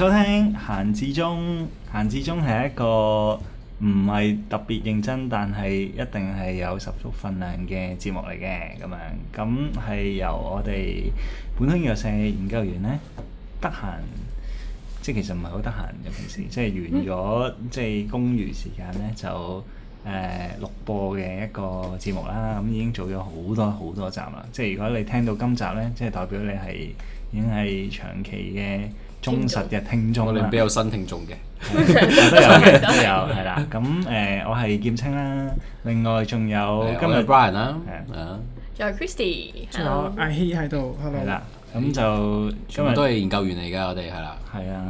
收聽閒至中，閒至中係一個唔係特別認真，但係一定係有十足份量嘅節目嚟嘅咁樣。咁係由我哋本鄉有四個研究員咧得閒，即係其實唔係好得閒嘅平時，即係完咗即係公餘時間咧就誒、呃、錄播嘅一個節目啦。咁已經做咗好多好多集啦。即係如果你聽到今集咧，即係代表你係已經係長期嘅。忠實嘅聽眾，我哋比較新聽眾嘅，都有嘅，都有，係啦。咁誒，我係劍青啦。另外仲有今日 Brian 啦，係啊，仲有 Christy，仲有阿希喺度，係啦。咁就今日都係研究員嚟㗎，我哋係啦。係啊，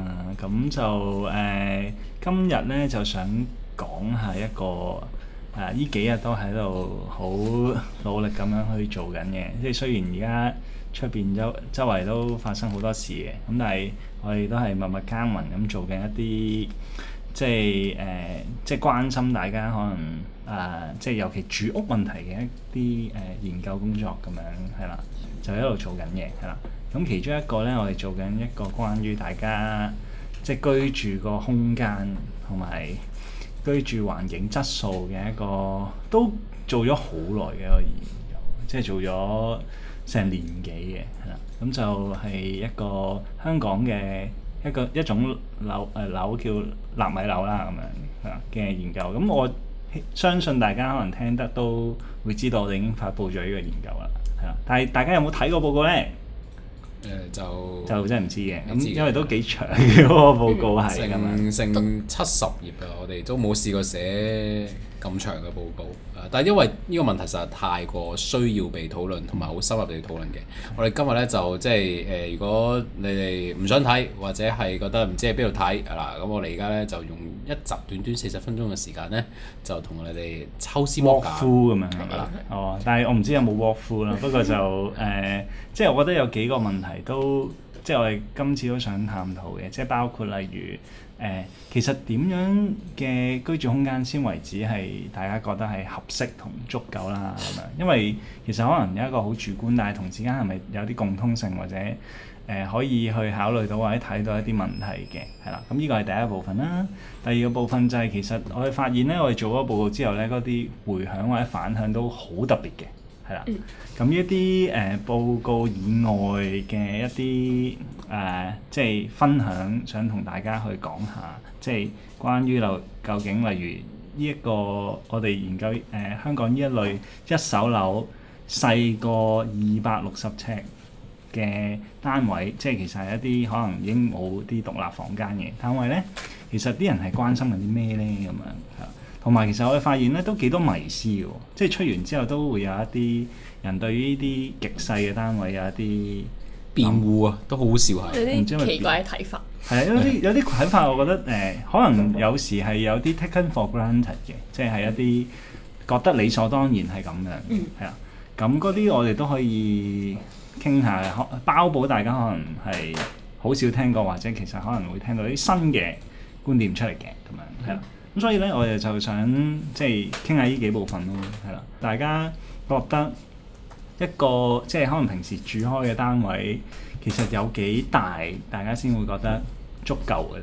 咁就誒，今日咧就想講下一個誒，呢幾日都喺度好努力咁樣去做緊嘅。即係雖然而家出邊周周圍都發生好多事嘅，咁但係。我哋都係默默耕耘咁做緊一啲，即係誒、呃，即係關心大家可能誒、呃，即係尤其住屋問題嘅一啲誒、呃、研究工作咁樣，係啦，就一路做緊嘢係啦。咁、嗯、其中一個咧，我哋做緊一個關於大家即係居住個空間同埋居住環境質素嘅一個，都做咗好耐嘅一個研究，即係做咗成年幾嘅，係啦。咁就係一個香港嘅一個一種樓誒樓叫納米樓啦，咁樣嚇嘅研究。咁我相信大家可能聽得都會知道，我哋已經發布咗呢個研究啦，係啊！但係大家有冇睇過報告咧？誒、呃、就就真係唔知嘅，咁因為都幾長嘅嗰、這個報告係成、呃、七十頁嘅，我哋都冇試過寫。咁長嘅報告，但係因為呢個問題實在太過需要被討論，同埋好深入地討論嘅，我哋今日咧就即係誒、呃，如果你哋唔想睇，或者係覺得唔知喺邊度睇，嗱，咁我哋而家咧就用一集短短四十分鐘嘅時間咧，就同你哋抽絲剝夫咁樣，係咪啊？吧哦，但係我唔知有冇剝夫啦，不過就誒、呃，即係我覺得有幾個問題都，即係我哋今次都想探討嘅，即係包括例如。誒、呃，其實點樣嘅居住空間先為止係大家覺得係合適同足夠啦咁樣，因為其實可能有一個好主觀，但係同之間係咪有啲共通性或者誒、呃、可以去考慮到或者睇到一啲問題嘅，係啦。咁、嗯、呢、這個係第一個部分啦。第二個部分就係其實我哋發現咧，我哋做咗報告之後咧，嗰啲迴響或者反響都好特別嘅，係啦。咁、嗯、呢、一啲誒、呃、報告以外嘅一啲。誒、呃，即係分享，想同大家去講下，即係關於樓究竟，例如呢、這、一個我哋研究誒、呃、香港呢一類一手樓細過二百六十尺嘅單位，即係其實係一啲可能已經冇啲獨立房間嘅單位咧。其實啲人係關心緊啲咩咧咁樣？係同埋其實我哋發現咧都幾多迷思嘅，即係出完之後都會有一啲人對於呢啲極細嘅單位有一啲。辯護啊，都好好笑下。 有啲奇怪嘅睇法。係啊，因為啲有啲睇法，我覺得誒、呃，可能有時係有啲 taken for granted 嘅，即係一啲覺得理所當然係咁樣。嗯。係啊，咁嗰啲我哋都可以傾下，包保大家可能係好少聽過，或者其實可能會聽到啲新嘅觀點出嚟嘅咁樣。係啊，咁、嗯、所以咧，我哋就想即係傾下呢幾部分咯，係啦、啊，大家覺得。一個即係可能平時住開嘅單位，其實有幾大，大家先會覺得足夠嘅。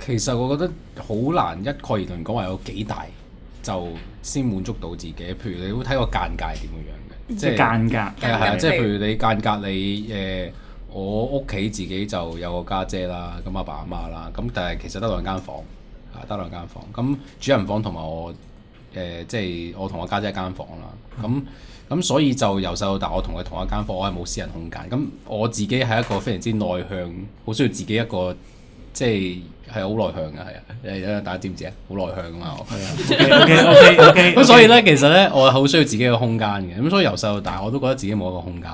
其實我覺得好難一概而論講話有幾大就先滿足到自己。譬如你會睇個間隔係點樣嘅，即係是間隔。係啊，即係譬如你間隔你誒、呃，我屋企自己就有個家姐啦，咁阿爸阿媽啦，咁但係其實得兩間房，啊、嗯、得兩間房，咁主人房同埋我誒、呃，即係我同我家姐一間房啦，咁。嗯咁所以就由細到大我，我同佢同一間房，我係冇私人空間。咁我自己係一個非常之內向，好需要自己一個，即係係好內向嘅，係啊，大家知唔知啊？好內向噶嘛，啊，OK，OK，OK。咁所以咧，其實咧，我係好需要自己嘅空間嘅。咁所以由細到大，我都覺得自己冇一個空間。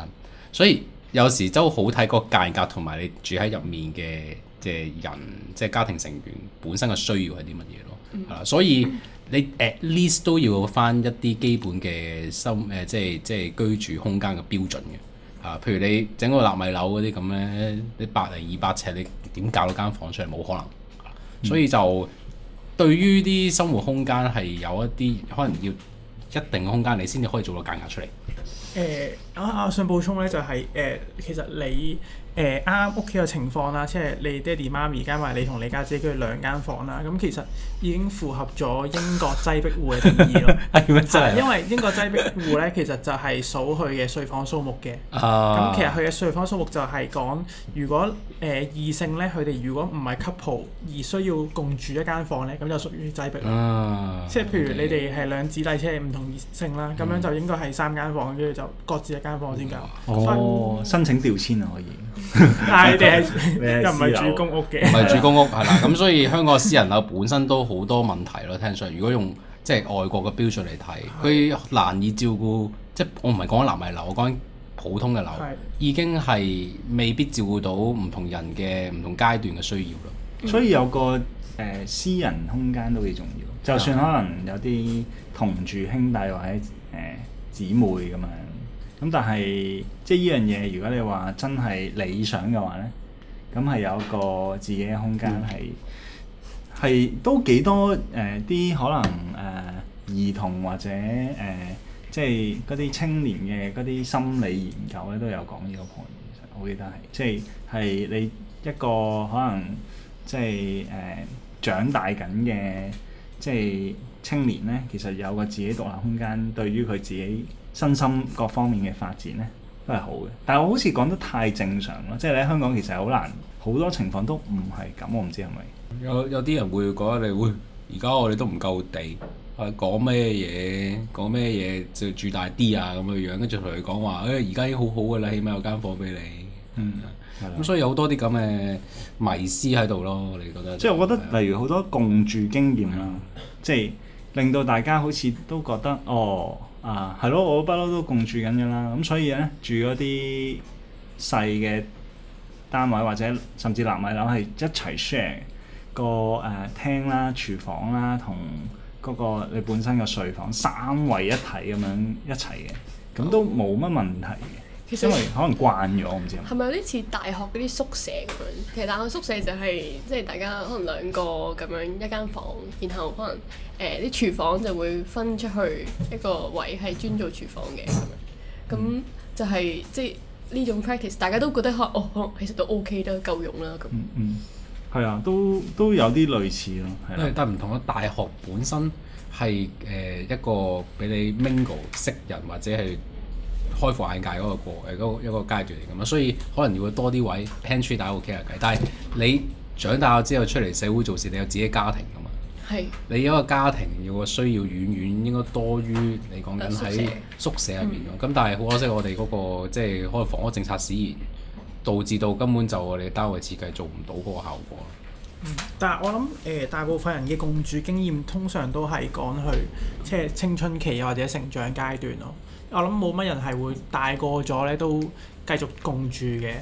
所以有時都好睇個間隔同埋你住喺入面嘅嘅人，即係家庭成員本身嘅需要係啲乜嘢咯。係啦、嗯，所以。你 at least 都要返一啲基本嘅生誒，即係即係居住空間嘅標準嘅嚇、啊。譬如你整個納米樓嗰啲咁樣，你百零二百尺，你點搞到間房出嚟？冇可能。所以就對於啲生活空間係有一啲可能要一定嘅空間，你先至可以做到間隔出嚟。誒。欸啊！我想補充咧，就係、是、誒、呃，其實你誒啱屋企嘅情況啦，即係你爹哋媽咪加埋你同你家姐，佢哋兩間房啦。咁、嗯、其實已經符合咗英國擠迫戶嘅定義咯。係 嗎因為英國擠迫戶咧，其實就係數佢嘅睡房數目嘅。咁 其實佢嘅睡房數目就係講，如果誒、呃、異性咧，佢哋如果唔係 couple 而需要共住一間房咧，咁就屬於擠迫啦。啊、即係譬如你哋係兩子弟，即唔 同異性啦，咁樣就應該係三間房，跟住就各自。間房先㗎，哦，申請調遷啊，可以。係 是，你係 又唔係住公屋嘅？唔係住公屋係啦，咁 所以香港私人樓本身都好多問題咯。聽上，如果用即係、就是、外國嘅標準嚟睇，佢的難以照顧，即係我唔係講納米樓，我講普通嘅樓，的已經係未必照顧到唔同人嘅唔同階段嘅需要咯。所以有個誒、呃、私人空間都幾重要，就算可能有啲同住兄弟或者誒姊、呃、妹咁樣。咁但係，即係呢樣嘢，如果你話真係理想嘅話咧，咁係有一個自己嘅空間，係係、嗯、都幾多誒啲、呃、可能誒、呃、兒童或者誒、呃、即係嗰啲青年嘅嗰啲心理研究咧，都有講呢個嘅。其實我記得係即係係你一個可能即係誒長大緊嘅即係青年咧，其實有個自己獨立空間，對於佢自己，身心各方面嘅發展呢都係好嘅。但係我好似講得太正常咯，即係你喺香港其實好難，好多情況都唔係咁。我唔知係咪有有啲人會覺得你會而家我哋都唔夠地，啊講咩嘢講咩嘢就住大啲啊咁嘅樣樣，跟住佢哋講話誒，而家已經好好㗎啦，起碼有間房俾你。嗯，咁所以有好多啲咁嘅迷思喺度咯，你覺得、就係？即係我覺得例如好多共住經驗啦，的即係令到大家好似都覺得哦，啊，係咯，我不嬲都共住緊嘅啦，咁所以咧住嗰啲細嘅單位或者甚至納米樓，係一齊 share 個誒廳、呃、啦、廚房啦同嗰個你本身嘅睡房三位一體咁樣一齊嘅，咁都冇乜問題嘅。因為可能慣咗，我唔知。係咪有啲似大學嗰啲宿舍咁樣？其實大學宿舍就係、是、即係大家可能兩個咁樣一間房，然後可能誒啲、呃、廚房就會分出去一個位係專做廚房嘅。咁就係、是、即係呢種 practice，大家都覺得哦，其實都 OK 都夠用啦咁、嗯。嗯嗯，係啊，都都有啲類似咯，係、啊、但係唔同啦。大學本身係誒、呃、一個俾你 mingle 識人或者係。開闊眼界嗰、那個過係一個階段嚟㗎嘛，所以可能要多啲位 pantry 打個傾下偈。 但係你長大之後出嚟社會做事，你有自己家庭㗎嘛？係是。你一個家庭要嘅需要遠遠應該多於你講緊喺宿舍入邊咁。咁、嗯、但係好可惜我、那個，我哋嗰個即係可能房屋政策，使然導致到根本就我哋單位設計做唔到嗰個效果。嗯，但係我諗誒、呃，大部分人嘅共住經驗通常都係講去即係青春期或者成長階段咯。我諗冇乜人係會大個咗咧都繼續共住嘅。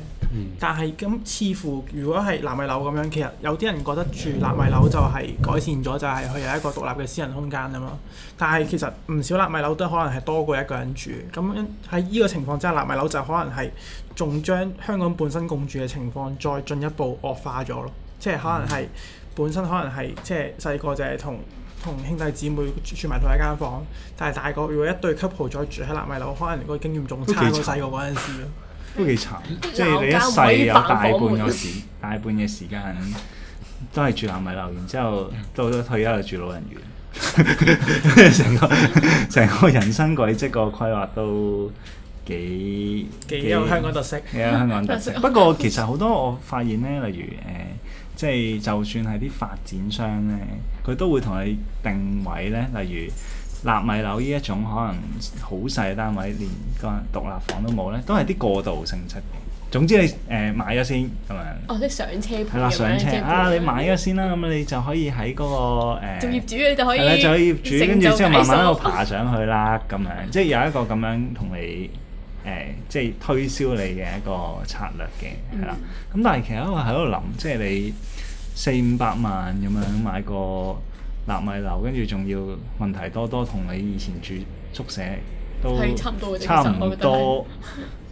但係咁似乎如果係納米樓咁樣，其實有啲人覺得住納米樓就係改善咗，就係佢有一個獨立嘅私人空間啊嘛。但係其實唔少納米樓都可能係多過一個人住。咁喺呢個情況之下，納米樓就可能係仲將香港本身共住嘅情況再進一步惡化咗咯。即係可能係本身可能係即係細個就係同。同兄弟姊妹住埋同一間房，但係大個如果一對 couple 再住喺納米樓，可能個經驗仲差過細個嗰陣時咯。都幾慘，慘，即係你一世有大半個時，有間 大半嘅時間都係住納米樓，然之後到退休就住老人院，成 個成個人生軌跡個規劃都幾幾有香港特色。香港特色。 不過其實好多我發現咧，例如誒、呃，即係就算係啲發展商咧。佢都會同你定位咧，例如納米樓呢一種可能好細嘅單位，連個獨立房都冇咧，都係啲過渡性質。總之你誒買咗先咁樣。哦，即係上車盤咁樣。係啦，上車啊！你買咗先啦，咁你就可以喺嗰個誒做業主，你就可以。係啦，做業主跟住之後慢慢喺度爬上去啦，咁樣即係有一個咁樣同你誒，即係推銷你嘅一個策略嘅，係啦。咁但係其實我喺度諗，即係你。四五百萬咁樣買個納米樓，跟住仲要問題多多，同你以前住宿舍都差唔多。差唔多。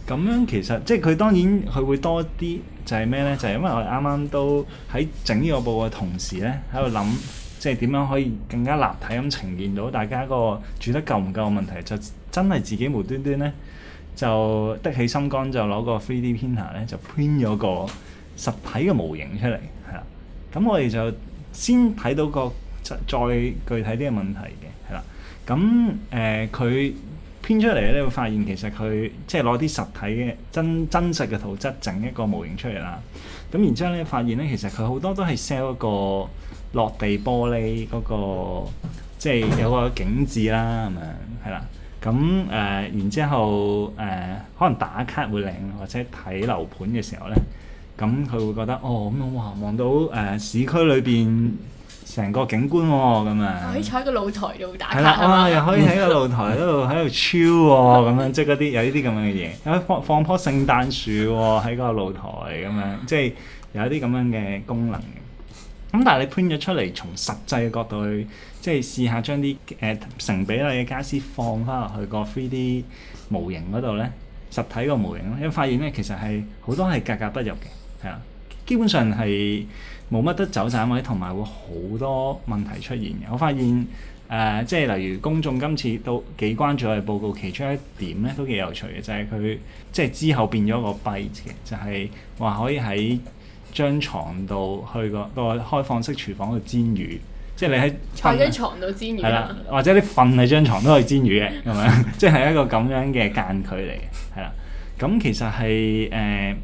咁 樣其實即係佢當然佢會多啲，就係咩呢？就係因為我哋啱啱都喺整呢個部嘅同時呢，喺度諗即係點樣可以更加立體咁呈現到大家個住得夠唔夠嘅問題，就真係自己無端端呢，就的起心肝，就攞個 3D printer 呢，就 print 咗個實體嘅模型出嚟。咁我哋就先睇到個再具體啲嘅問題嘅，係啦。咁誒佢編出嚟咧，會發現其實佢即係攞啲實體嘅真真實嘅圖質整一個模型出嚟啦。咁然之後咧，發現咧其實佢好多都係 sell 一個落地玻璃嗰個，即係有個景緻啦，咁樣係啦。咁誒，然之後誒，可能打卡會靚，或者睇樓盤嘅時候咧。咁佢、嗯、會覺得哦咁樣哇，望到誒、呃、市區裏邊成個景觀喎咁啊！喺個露台度打牌啊，又可以喺個露台喺度喺度 chill 喎咁樣，即係嗰啲有呢啲咁樣嘅嘢，放放棵聖誕樹喎、哦、喺 個露台咁樣，即係有一啲咁樣嘅功能嘅。咁、嗯、但係你 print 咗出嚟，從實際嘅角度去即係試下將啲誒、呃、成比例嘅家私放翻落去個 3D 模型嗰度咧，實體個模型因為，發現咧其實係好多係格格不入嘅。係啊，基本上係冇乜得走盞位或者同埋會好多問題出現嘅。我發現誒、呃，即係例如公眾今次都幾關注我哋報告，其中一點咧都幾有趣嘅，就係、是、佢即係之後變咗個弊嘅，就係、是、話可以喺張床度去個個開放式廚房度煎魚，即係你喺喺張牀度煎魚、啊，係啦，或者你瞓喺張床都可以煎魚嘅咁樣，即係 一個咁樣嘅間距嚟嘅，係啦。咁其實係誒。呃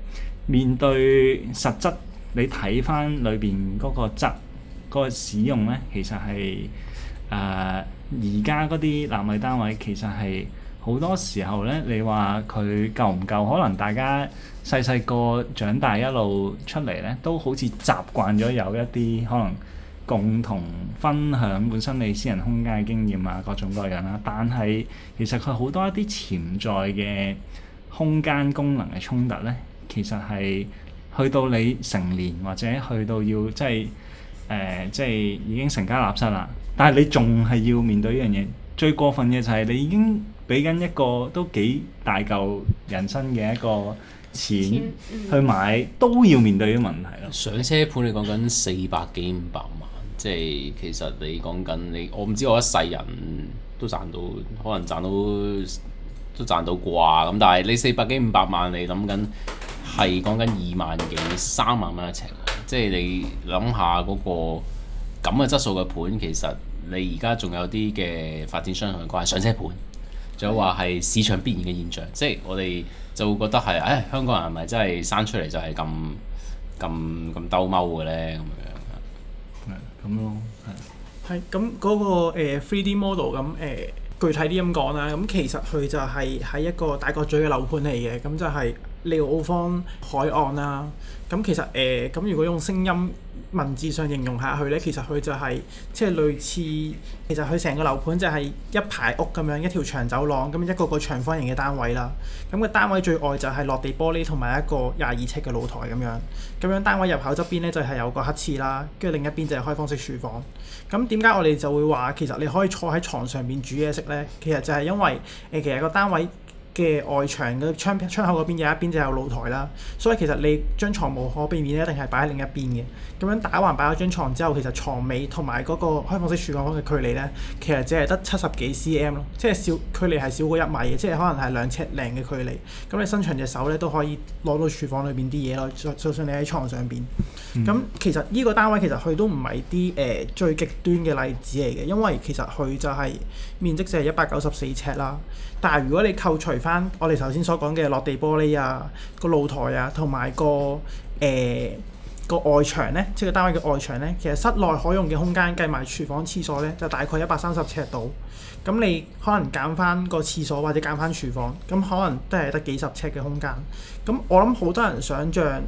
面對實質，你睇翻裏邊嗰個質、嗰個使用咧，其實係誒而家嗰啲納米單位其實係好多時候咧，你話佢夠唔夠？可能大家細細個長大一路出嚟咧，都好似習慣咗有一啲可能共同分享本身你私人空間嘅經驗啊，各種各樣啦、啊。但係其實佢好多一啲潛在嘅空間功能嘅衝突咧。其實係去到你成年，或者去到要即係誒，即係，呃，已經成家立室啦。但係你仲係要面對依樣嘢。最過分嘅就係你已經俾緊一個都幾大嚿人生嘅一個錢去買，都要面對呢個問題咯。上車盤你講緊四百幾五百萬，即係其實你講緊你，我唔知我一世人都賺到，可能賺到都賺到啩咁。但係你四百幾五百萬，你諗緊？係講緊二萬幾、三萬蚊一尺，即係你諗下嗰個咁嘅質素嘅盤，其實你而家仲有啲嘅發展商關係關上車盤，仲有話係市場必然嘅現象，即係我哋就會覺得係，誒、哎、香港人係咪真係生出嚟就係咁咁咁兜踎嘅咧？咁是樣係咁咯，係咁嗰個誒 three、呃、D model 咁誒、呃、具體啲咁講啦，咁其實佢就係喺一個大角咀嘅樓盤嚟嘅，咁就係、是。利澳方海岸啦、啊，咁其實誒，咁、呃、如果用聲音文字上形容下去呢，其實佢就係、是、即係類似，其實佢成個樓盤就係一排屋咁樣，一條長走廊，咁一個個長方形嘅單位啦。咁、那個單位最外就係落地玻璃同埋一個廿二尺嘅露台咁樣。咁樣單位入口側邊呢，就係有個黑廁啦，跟住另一邊就係開放式廚房。咁點解我哋就會話其實你可以坐喺床上面煮嘢食呢？其實就係因為誒、呃，其實個單位。嘅外牆嘅窗窗口嗰邊有一邊就有露台啦，所以其實你張床無可避免一定係擺喺另一邊嘅。咁樣打橫擺咗張床之後，其實床尾同埋嗰個開放式廚房嘅距離呢，其實只係得七十幾 cm 咯，即係小距離係少過一米嘅，即係可能係兩尺零嘅距離。咁你伸長隻手呢，都可以攞到廚房裏面啲嘢咯，就就算你喺床上邊。咁、嗯、其實呢個單位其實佢都唔係啲誒最極端嘅例子嚟嘅，因為其實佢就係、係、面積就係一百九十四尺啦。但係如果你扣除翻我哋頭先所講嘅落地玻璃啊、個露台啊，同埋個誒、呃、個外牆呢，即係個單位嘅外牆呢，其實室內可用嘅空間計埋廚房、廁所呢，就大概一百三十尺度。咁你可能揀翻個廁所或者揀翻廚房，咁可能都係得幾十尺嘅空間。咁我諗好多人想像，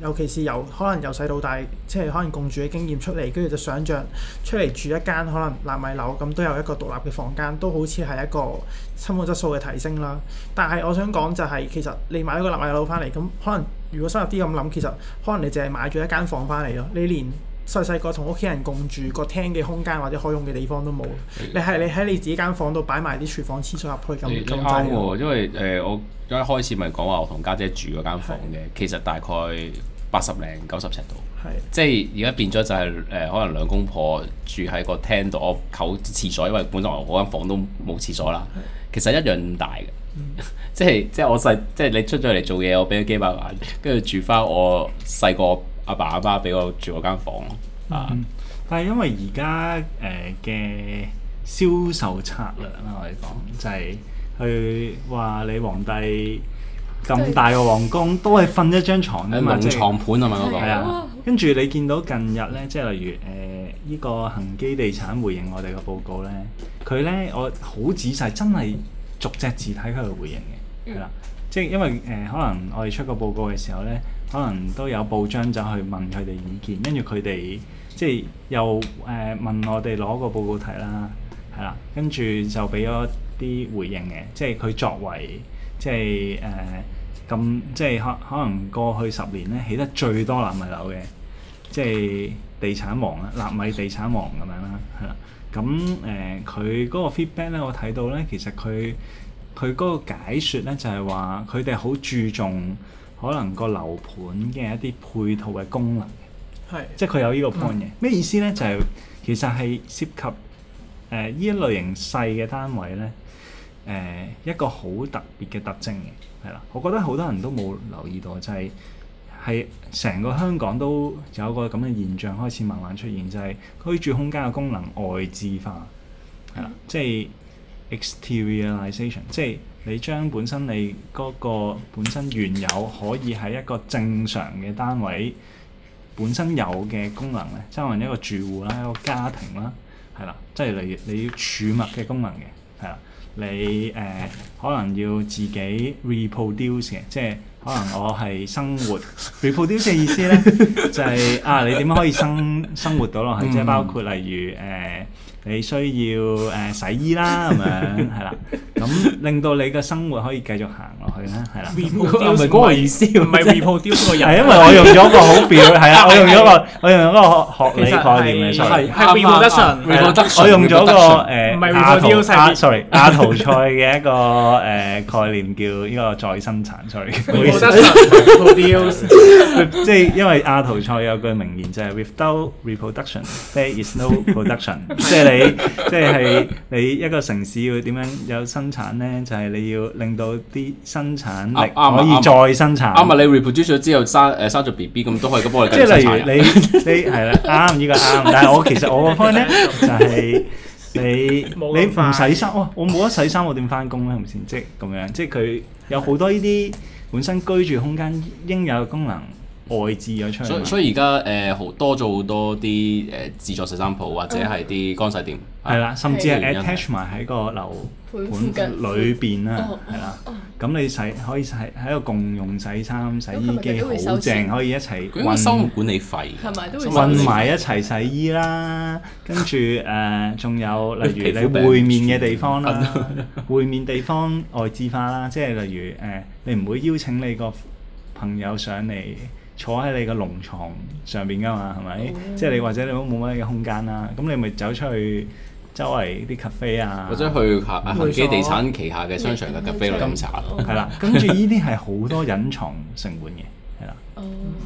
尤其是由可能由細到大，即係可能共住嘅經驗出嚟，跟住就想像出嚟住一間可能納米樓咁，都有一個獨立嘅房間，都好似係一個生活質素嘅提升啦。但係我想講就係、是，其實你買咗個納米樓翻嚟，咁可能如果深入啲咁諗，其實可能你淨係買咗一間房翻嚟咯。你連細細個同屋企人共住、個廳嘅空間或者可用嘅地方都冇，的你係你喺你自己間房度擺埋啲廚房廁所入去咁，你啱喎。因為誒、呃、我一開始咪講話我同家姐住嗰間房嘅，是的 其實大概八十零九十尺度，是的 即係而家變咗就係、是、誒、呃、可能兩公婆住喺個廳度，我扣廁所，因為本來嗰間房都冇廁所啦。是的 其實一樣大嘅、嗯， 即係即係我細即係你出咗嚟做嘢，我俾咗幾百萬，跟住住翻我細個。阿爸阿爸俾我住我間房啊！嗯、但係因為而家誒嘅銷售策略啦，我哋講就係去話你皇帝咁大個皇宮都係瞓一張床，啊嘛對，即、就是、床盤啊嘛嗰個。係的啊，跟住你見到近日咧，即、就、係、是、例如誒依、呃這個恒基地產回應我哋個報告咧，佢咧，我好仔細，真係逐隻字睇佢個回應嘅，係啦，即係、嗯、因為誒、呃、可能我哋出個報告嘅時候咧。可能都有報章就去問佢哋意見，跟住佢哋即係又誒、呃、問我哋攞個報告睇啦，係啦，跟住就俾咗啲回應嘅，即係佢作為即係誒咁，即係可、呃、可能過去十年咧起得最多納米樓嘅，即係地產王啊，納米地產王咁樣啦，係、嗯、啦，咁誒佢嗰個 feedback 咧，我睇到咧，其實佢佢嗰個解説咧就係話佢哋好注重。可能個樓盤嘅一啲配套嘅功能嘅，係，即係佢有呢個 point 嘅，咩、嗯、意思咧？就係、是、其實係涉及誒呢、呃、一類型細嘅單位咧，誒、呃、一個好特別嘅特徵嘅，係啦，我覺得好多人都冇留意到就係係成個香港都有個咁嘅現象開始慢慢出現，就係、是、居住空間嘅功能外置化，係啦，即係 exteriorization 即係。你將本身你嗰個本身原有可以喺一個正常嘅單位，本身有嘅功能咧，即係可能一個住戶啦、啊，一個家庭啦、啊，係啦，即係例如你要儲物嘅功能嘅，係啦，你誒、呃、可能要自己 reproduce 嘅，即係可能我係生活 reproduce 嘅意思咧，就係、是、啊，你點樣可以生生活到落去，即係、嗯、包括例如誒、呃你需要誒洗衣啦咁樣係啦，咁令到你嘅生活可以繼續行落去啦，係啦。唔係嗰個意思，唔係 reproduction，係因為我用咗個好表，係啊，我用咗個我用嗰個學學理概念嘅 sorry，係 reproduction，我用咗個誒阿圖塞嘅一個誒概念叫呢個再生產 sorry。reproduction，即係因為阿圖塞有句名言就係 without reproduction there is no production，即係你。即係你一個城市要點樣有生產咧？就係、是、你要令到啲生產力可以再生產。啱啊、嗯嗯嗯嗯，你 reproduce 咗之後生誒、呃、生咗 B B 咁都可以咁幫我。即係例如你 你係啦，啱呢、這個啱。但係我其實我個 point 咧就係你你唔洗衫，我我冇得洗衫，我點翻工咧？係咪先？即咁樣，即係佢有好多呢啲本身居住空間應有嘅功能。外置咗出嚟，所以而家誒好多咗好多啲誒自助洗衫鋪或者係啲乾洗店，係啦，甚至係 attach 埋喺個樓盤裏邊啦，係啦。咁你洗可以洗喺個共用洗衫洗衣機好正，可以一齊運管理費，運埋一齊洗衣啦。跟住誒，仲有例如你會面嘅地方啦，會面地方外置化啦，即係例如誒，你唔會邀請你個朋友上嚟，坐喺你個籠床上邊㗎嘛，係咪？哦、即係你或者你都冇乜嘅空間啦。咁你咪走出去周圍啲 cafe 啊，或者去下恆基錯、啊、地產旗下嘅商場嘅 cafe 度飲茶。係、嗯、 啦，跟住呢啲係好多隱藏成本嘅，係啦。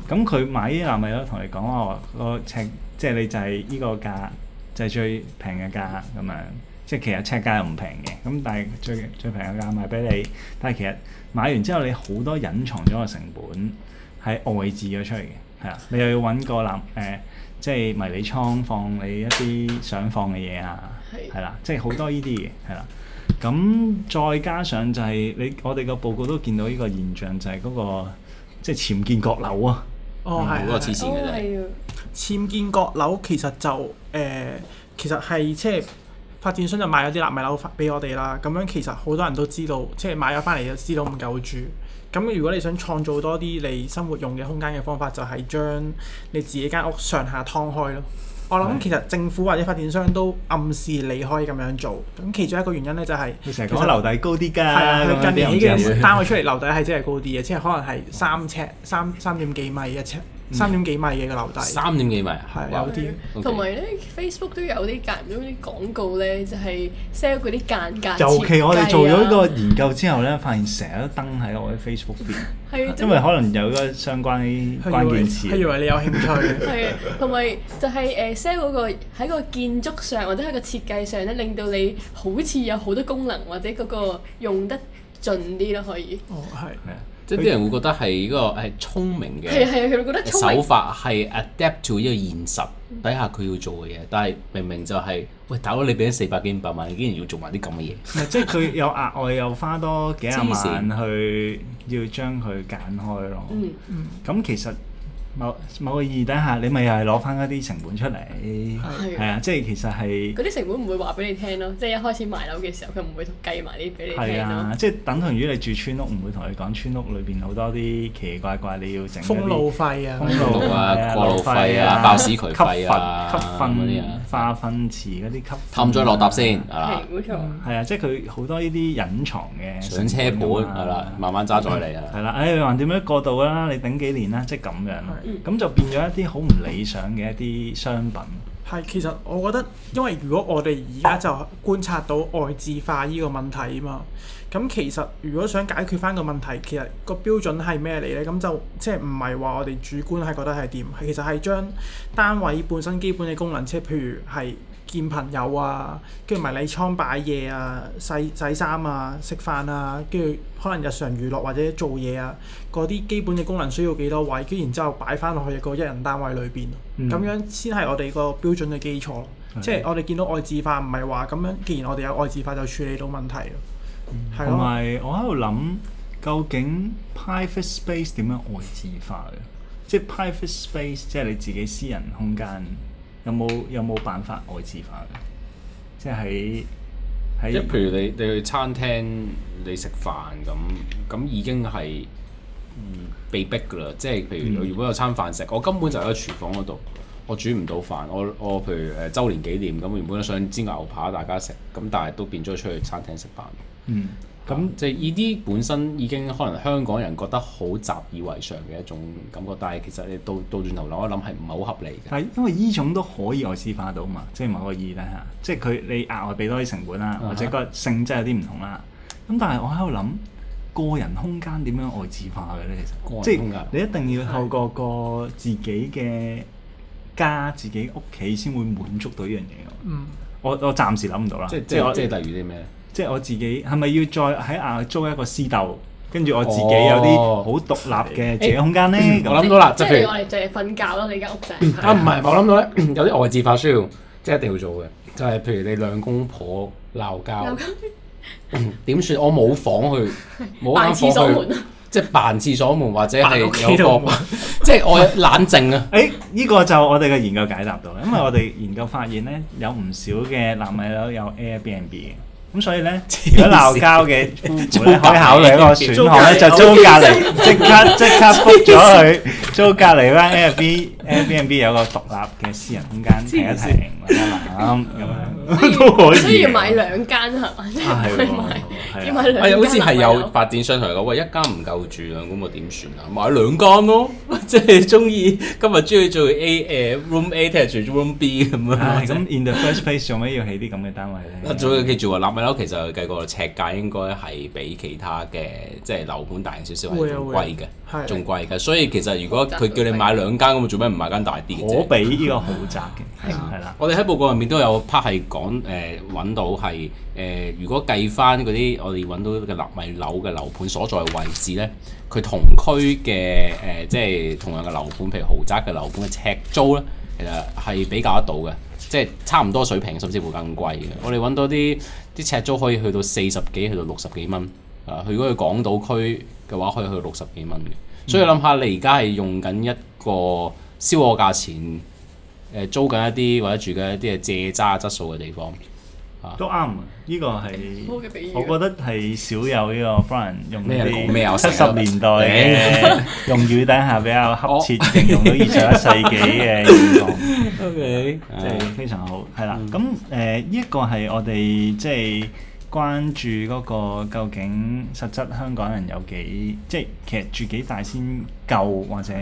咁佢、哦、 買啊咪都同你講話、哦那個尺，即、就、係、是、你就係呢個價，就係、是、最平嘅價咁樣。即係其實尺價又唔平嘅，咁但係最最平嘅價賣俾你。但係其實買完之後，你好多隱藏咗嘅成本。喺外置咗出嚟嘅，係啊，你又要揾個籃誒、呃，即係迷你倉放你一啲想放嘅嘢啊，係啦的，即係好多呢啲嘢，係啦。咁再加上就係你，我哋個報告都見到呢個現象就、那個，就係嗰個即係潛建閣樓啊。哦，係的，都係啊。哦、潛建閣樓其實就誒、呃，其實係即係發展商就買咗啲納米樓發俾我哋啦。咁樣其實好多人都知道，即係買咗翻嚟就知道唔夠住。咁如果你想創造多啲你生活用嘅空間嘅方法，就係、是、將你自己間屋上下劏開咯。我諗其實政府或者發展商都暗示你可以咁樣做。咁其中一個原因咧就係、是、其實樓底高啲㗎。近年嘅單位出嚟樓底係真係高啲嘅，即係可能係三尺三三點幾米一尺。3, 3三點幾米嘅樓底，三點幾米，係有啲。同埋咧，Facebook 都有啲間唔中啲廣告咧，就係 sell 嗰啲間隔設計。尤其我哋做咗呢個研究之後咧，發現成日都登喺我啲 Facebook 邊，因為可能有個相關啲關鍵詞，係以為你有興趣。係啊，同埋就係誒 sell 嗰個喺個建築上或者喺個設計上咧，令到你好似有好多功能或者嗰個用得盡啲都可以。哦，係咩？即啲人會覺得係呢個係聰明嘅手法，係 adapt to 呢個現實底下佢要做嘅嘢。但係明明就係、係、喂，大佬，你俾咗四百幾五百萬，你竟然要做埋啲咁嘅嘢？ 即係佢又額外又花多幾廿萬去要將佢揀開咯、嗯。嗯嗯，咁其實。某某個意義，等下你咪又係攞翻嗰啲成本出嚟，係啊，即係其實係嗰啲成本唔會話俾你聽咯。即係一開始買樓嘅時候，佢唔會計埋啲俾你。係啊，即係等同於你住村屋，唔會同你講村屋裏邊好多啲奇奇怪怪你要整。封路費啊，路啊，啊，爆屎渠啊，吸粉、吸粉、化糞池嗰啲吸。探咗落搭先，係啊，即係佢好多呢啲隱藏嘅上車盤，係啦，慢慢揸在你。啊。係啦，你話點樣過渡啦？你等幾年啦，即係咁樣。咁就變咗一啲好唔理想嘅一啲商品。係，其實我覺得，因為如果我哋而家就觀察到外置化呢個問題啊嘛，咁其實如果想解決返個問題，其實個標準係咩嚟呢？咁就即係唔係話我哋主觀係覺得係點？其實係將單位本身基本嘅功能，即係譬如係，見朋友啊，跟住迷你倉擺嘢啊，洗洗衫啊，食飯啊，跟住可能日常娛樂或者做嘢啊，嗰啲基本嘅功能需要幾多位？跟然之後擺翻落去個一人單位裏邊，咁、嗯、樣先係我哋個標準嘅基礎。嗯、即係我哋見到外置化唔係話咁樣，既然我哋有外置化就處理到問題。同埋、嗯啊、我喺度諗，究竟 private space 點樣外置化嘅？即係 private space，即係你自己私人空間。有冇有冇辦法外置化嘅？即係喺喺即譬如你你去餐廳你食飯，咁咁已經係被逼㗎啦！即係譬如如果有餐飯食，嗯、我根本就喺廚房嗰度，我煮唔到飯。我我譬如誒週年紀念咁，原本都想煎牛扒大家食，咁但係都變咗出去餐廳食飯。嗯。咁、嗯、就係依啲本身已經可能香港人覺得好習以為常嘅一種感覺，但係其實你倒倒轉頭諗一諗係唔係好合理嘅？係因為依種都可以外置化到嘛，即係某個意義底下，即係佢你額外俾多啲成本啦，或者個性質有啲唔同啦。咁但係我喺度諗個人空間點樣外置化嘅咧？其實個人空間即係你一定要透過個自己嘅家，是家、自己屋企先會滿足到呢樣嘢。嗯、我我暫時諗唔到啦。即即即係例如啲咩？即係我自己係咪要再喺亞租一個私竇，跟住我自己有啲好獨立嘅自己空間咧？我諗到啦，即係我哋就係瞓覺咯，你間屋仔。啊，唔係，我諗到咧，有啲外置化需要，即係一定要做嘅，就係譬如你兩公婆鬧交，點算？我冇房去，冇間房去，即係扮廁所門或者係有個，即係我冷靜啊！誒，依個就我哋嘅研究解答到啦，因為我哋研究發現咧，有唔少嘅納米樓有有 Airbnb 嘅。咁所以呢，如果鬧交嘅，可以考慮一個選項咧， 就租隔離，即刻即刻 book 咗佢， 租隔離間 Air B。Airbnb 有個獨立嘅私人空間停一停，咁樣都可以。需要買兩間係咪？啊係喎，好似係有發展商同你講，喂，一間唔夠住，咁我點算啊？買兩間咯，即係中意今日中意做 A 誒 room A，跟住 room B 咁啊。咁 In the first place，做咩要起啲咁嘅單位咧？仲要記住話，納米樓其實計個尺價應該係比其他嘅即係樓盤大少少，係貴嘅。仲貴嘅，所以其實如果佢叫你買兩間咁，做咩唔買間大啲？我比呢個豪宅嘅，係啦 的。我哋喺報告入面都有 part 係講誒揾到係誒、呃，如果計翻嗰啲我哋揾到嘅納米樓嘅樓盤所在位置咧，佢同區嘅誒、呃，即係同樣嘅樓盤，譬如豪宅嘅樓盤嘅尺租咧，其實係比較得到嘅，即係差唔多水平，甚至乎更貴嘅。我哋揾到啲啲尺租可以去到四十幾，去到六十幾蚊。啊！佢如果去港島區嘅話，可以去六十幾蚊嘅。嗯、所以諗下，你而家係用緊一個燒鵝價錢，誒租緊一啲或者住緊一啲係借渣質素嘅地方。啊都，都啱，呢個係，我覺得係少有呢個 Brian 用有，七十年代嘅用語底下比較恰切形容、哦、到二十一世紀嘅情況。即 k Okay, 非常好，係啦。咁誒、嗯，呢、呃、一個係我哋即係。關注嗰個究竟實質香港人有幾，即係其實住幾大先夠或者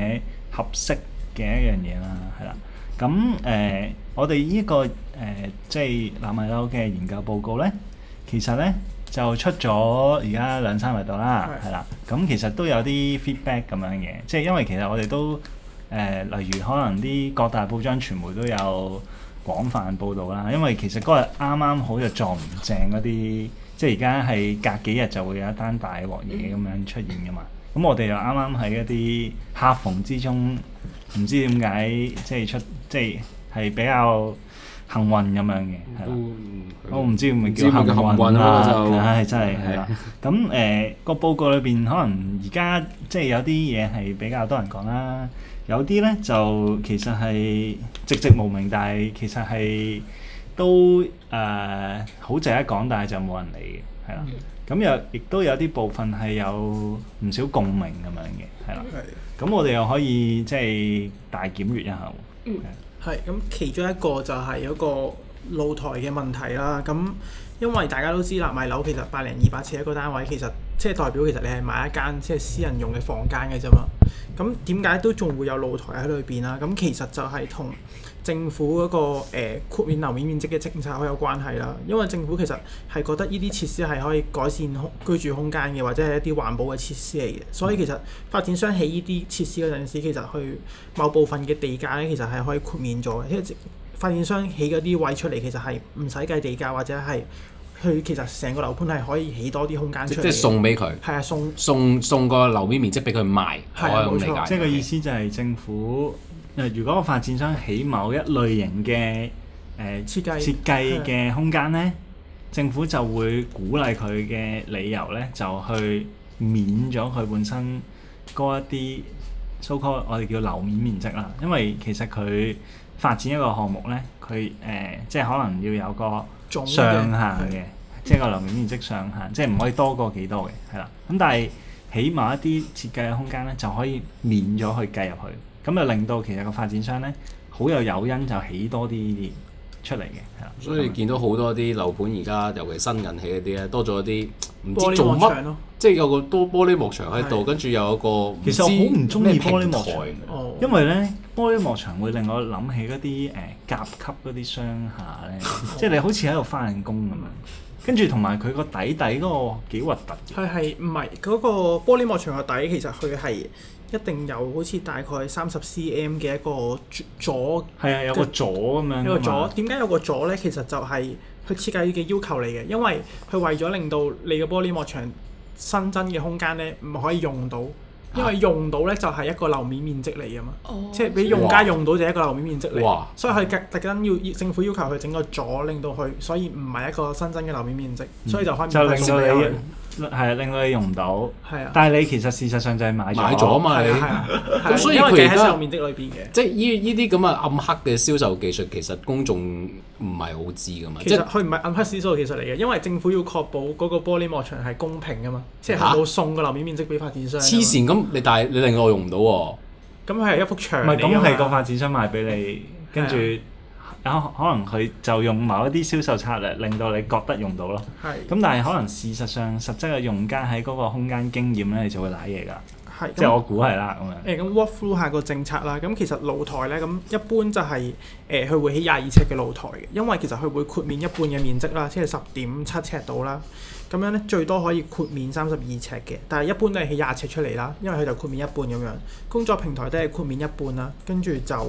合適嘅一樣嘢啦，係啦。咁誒、呃，我哋呢、這個誒、呃，即係納米樓嘅研究報告咧，其實咧就出咗而家兩三日度啦，係啦的。咁其實都有啲 feedback 咁樣嘅，即係因為其實我哋都誒、呃，例如可能啲各大報章傳媒都有。廣泛報道啦，因為其實嗰日啱啱好就撞唔正嗰啲，即係而家係隔幾日就會有一單大鑊嘢咁樣出現嘅嘛。咁、嗯、我哋就啱啱喺一啲客逢之中，唔知點解即係出即係係比較幸運咁樣嘅。我唔、嗯嗯哦、知會唔會叫幸運，叫行運啦。咁誒個報告裏邊，可能而家即係有啲嘢係比較多人講啦。有啲咧就其實係寂寂無名，但係其實係都誒好、呃、值得一講，但係就冇人嚟嘅，係啦。咁又亦都有啲部分係有唔少共鳴咁樣嘅，係啦。咁我哋又可以即係大檢閲一下。嗯，係。咁其中一個就係有個露台嘅問題啦。咁因為大家都知啦，買樓其實百零二百尺一個單位，其實。即係代表其實你係買一間即係私人用嘅房間嘅啫嘛，咁點解都仲會有露台喺裏邊啦？咁其實就係同政府嗰、嗰個誒豁、呃、免樓面面積嘅政策好有關係啦。因為政府其實係覺得呢啲設施係可以改善居住空間嘅，或者係一啲環保嘅設施嚟嘅。所以其實發展商起呢啲設施嗰陣時，其實去某部分嘅地價咧，其實係可以豁免咗嘅。因為發展商起嗰啲位出嚟，其實係唔使計地價或者係。佢其實成個樓盤係可以起多啲空間出嚟，即係送俾佢。係啊，送送送個樓面面積俾佢賣。係啊，冇錯。即係個意思就係政府誒，Okay. 如果個發展商起某一類型嘅誒、呃、設計設計嘅空間咧，啊、政府就會鼓勵佢嘅理由咧，就去免咗佢本身嗰一啲 so called 我哋叫樓面面積啦。因為其實佢發展一個項目咧，佢誒、呃、即係可能要有個上限嘅，嗯、即係個樓面面積上限，嗯、即係唔可以多過幾多嘅，係啦。咁但係起碼一啲設計嘅空間咧，就可以免咗去計入去，咁就令到其實個發展商咧好有誘因，就起多啲呢啲。係啦，出嚟嘅。所以見到好多啲樓盤而家，尤其新引起嗰啲咧，多咗啲唔知做乜，即係有個多玻璃幕牆喺度，的跟住有一個，其實我好唔中意玻璃幕牆，因為咧玻璃幕牆會令我諗起嗰啲誒甲級嗰啲商廈咧，即係 你好似喺度返緊工咁樣，跟住同埋佢個底底嗰個幾核突。佢係唔係嗰個玻璃幕牆嘅底？其實佢係。一定有好似大概三十 cm 嘅一個阻，係啊，有個阻咁樣。個阻的有個阻，點解有個阻呢？其實就係佢設計嘅要求嚟嘅，因為佢為咗令到你個玻璃幕牆新增嘅空間呢唔可以用到，因為用到呢，就係一個樓面面積嚟啊嘛。啊即係俾用家用到就係一個樓面面積嚟。哇所以佢特登要政府要求佢整個阻，令到佢所以唔係一個新增嘅樓面面積，嗯、所以就，面你就令到你可以唔計數。係啊，令到你用唔到，啊、但係你其實事實上就係買買咗嘛，你，咁、啊啊、 所以佢都喺售面積裏邊嘅。即係依依啲咁嘅暗黑嘅銷售技術，其實公眾唔係好知噶嘛。其實佢唔係暗黑銷售技術嚟嘅，因為政府要確保嗰個玻璃幕牆係公平噶嘛，啊、即係冇送個樓面面積俾發展商。黐線咁，你但係你令我用唔到喎、啊。佢係一幅牆嚟啊嘛。咁係個發展商賣俾你，跟住、啊。可能佢就用某一啲銷售策略，令到你覺得用到咯。係是。咁但係可能事實上，實際嘅用家喺嗰個空間經驗咧，你就會賴嘢㗎。係是。即係我估係啦，咁、嗯、樣。誒，咁 walk through 下個政策啦。咁、嗯、其實露台咧，咁、嗯、一般就係、是、誒，佢、呃、會起廿二尺嘅露台嘅，因為其實佢會豁免一半嘅面積啦，即係十點七尺到啦。咁樣咧，最多可以豁免三十二尺嘅，但係一般都係起廿尺出嚟啦，因為佢就豁免一半咁樣，工作平台都係豁免一半啦，跟住就誒、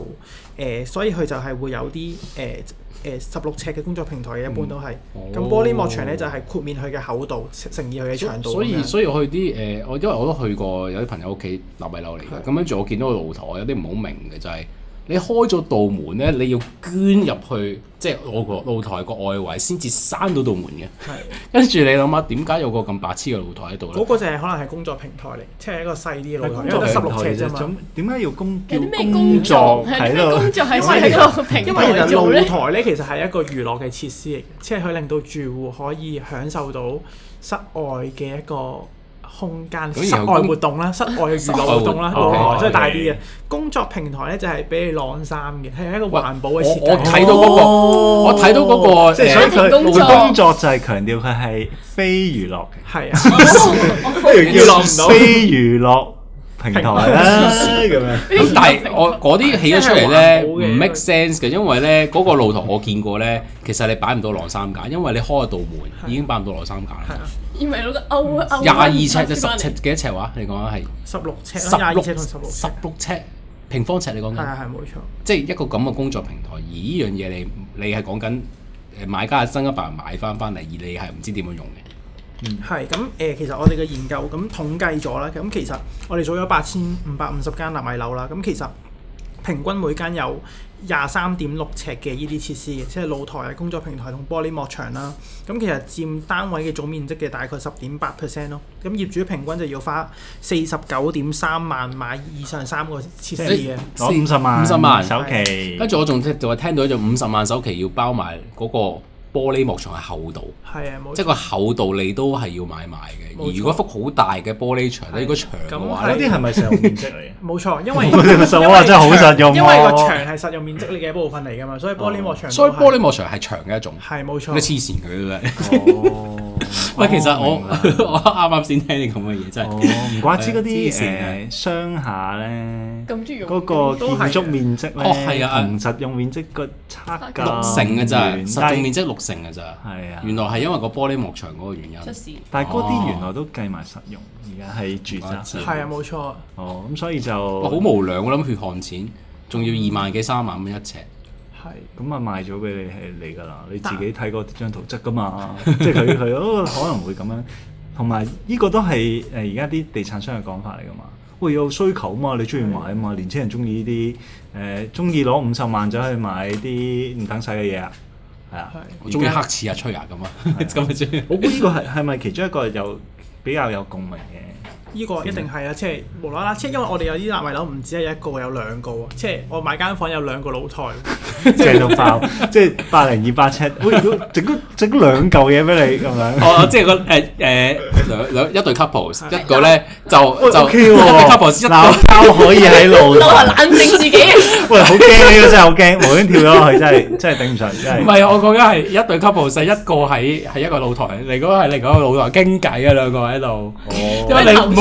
呃，所以佢就係會有啲誒誒十六尺嘅工作平台一般都係。咁、嗯、玻璃幕牆咧、哦、就係豁免佢嘅厚度乘以佢嘅長度所。所以所以我去啲誒，我、呃、因為我都去過有啲朋友屋企納米樓嚟嘅，咁跟住我見到個露台有啲唔好明嘅就係、是。你開咗道門咧，你要捐入去，即係我個露台個外圍先至閂到道門嘅。係的。跟住你諗下，點解有個咁白痴嘅露台喺度咧？嗰個就係可能係工作平台嚟，即係一個細啲露台，得十六尺啫嘛。點解要工叫工作？係咩工作？係為咗平台咧？其實露台咧，其實係一個娛樂嘅設施嚟，嘅，即係可以令到住戶可以享受到室外嘅一個。空間室外活動啦，室外嘅娛樂活動啦，舞台即係大啲嘅工作平台咧，就係俾你晾衫嘅，係一個環保嘅設計。我我睇到嗰個，我睇到嗰個誒，做工作就係強調佢係非娛樂嘅，係啊，娛樂唔到，非娛樂。平台啦，咁但係我嗰啲起咗出嚟咧唔 make sense 嘅，因為咧嗰個露台我見過咧，其實你擺唔到晾衫架，因為你開咗道門已經擺唔到晾衫架。係啊，而咪攞廿二尺定十尺幾多尺話？你講緊係十六尺，十六尺十六，尺平方尺你講。係啊，冇錯。即係一個咁嘅工作平台，而呢樣嘢你你係講緊誒買家啊，真金白銀買翻翻嚟，而你係唔知點樣用嘅。係，咁誒、嗯嗯、其實我哋嘅研究咁統計咗啦，咁其實我哋做咗八千五百五十間納米樓啦，咁其實平均每間有廿三點六尺嘅呢啲設施，即係露台啊、工作平台同玻璃幕牆啦。咁其實佔單位嘅總面積嘅大概十點八 percent 咯。咁業主平均就要花四十九點三萬買以上三個設施嘅，攞五十萬五十萬首期。跟住我仲就話聽到就五十萬首期要包埋嗰、那個。玻璃幕牆係厚度，係啊，即係個厚度你都係要買埋嘅。而如果幅好大嘅玻璃牆咧，如果長嘅話咧，啲係咪實用面積嚟？冇錯，因為因為個長係實用面積嚟嘅一部分嚟㗎嘛，所以玻璃幕牆。所以玻璃幕牆係長嘅一種，係冇錯，黐線佢㗎。喂，其實我我啱啱先聽啲咁嘅嘢，真係唔怪之嗰啲誒商下咧。嗰個建築面積咧，哦係啊，實用面積個差價，六成嘅咋，實用面積六成嘅咋，係啊的，原來係因為個玻璃幕牆嗰個原因事，但係嗰啲原來都計埋實用，而家係住宅，係啊，冇錯。哦，咁所以就，好、哦、無良我諗血汗錢，仲要二萬幾三萬蚊一尺，係，咁啊賣咗俾你係你㗎啦，你自己睇個張圖則㗎嘛，但 即係佢佢哦可能會咁樣，同埋呢個都係誒而家啲地產商嘅講法嚟㗎嘛。會有需求啊嘛，你中意買啊嘛，係啊年青人中意呢啲誒，中意攞五十萬就去買啲唔等使嘅嘢啊，係啊係啊，中意黑黐啊吹牙咁啊，咁啊知，我估呢個係係咪其中一個有比較有共鳴嘅？呢個一定係啊，即係無啦啦，即係因為我哋有啲爛尾樓唔止係一個，有兩個喎。即係我買間房有兩個露台，即係都爆，即係八零二八尺，喂，整多整多兩嚿嘢俾你，咁樣？哦，即係個誒誒兩兩一對 couple，一個咧就 OK 喎，couple 一對都可以喺露台，冷靜自己。喂，好驚啊！真係好驚，無端跳咗落去，真係真係頂唔順，真係。唔係，我講緊係一對 couple，細一個喺喺一個露台，另一個係另一個露台傾偈啊，兩個喺度，因為你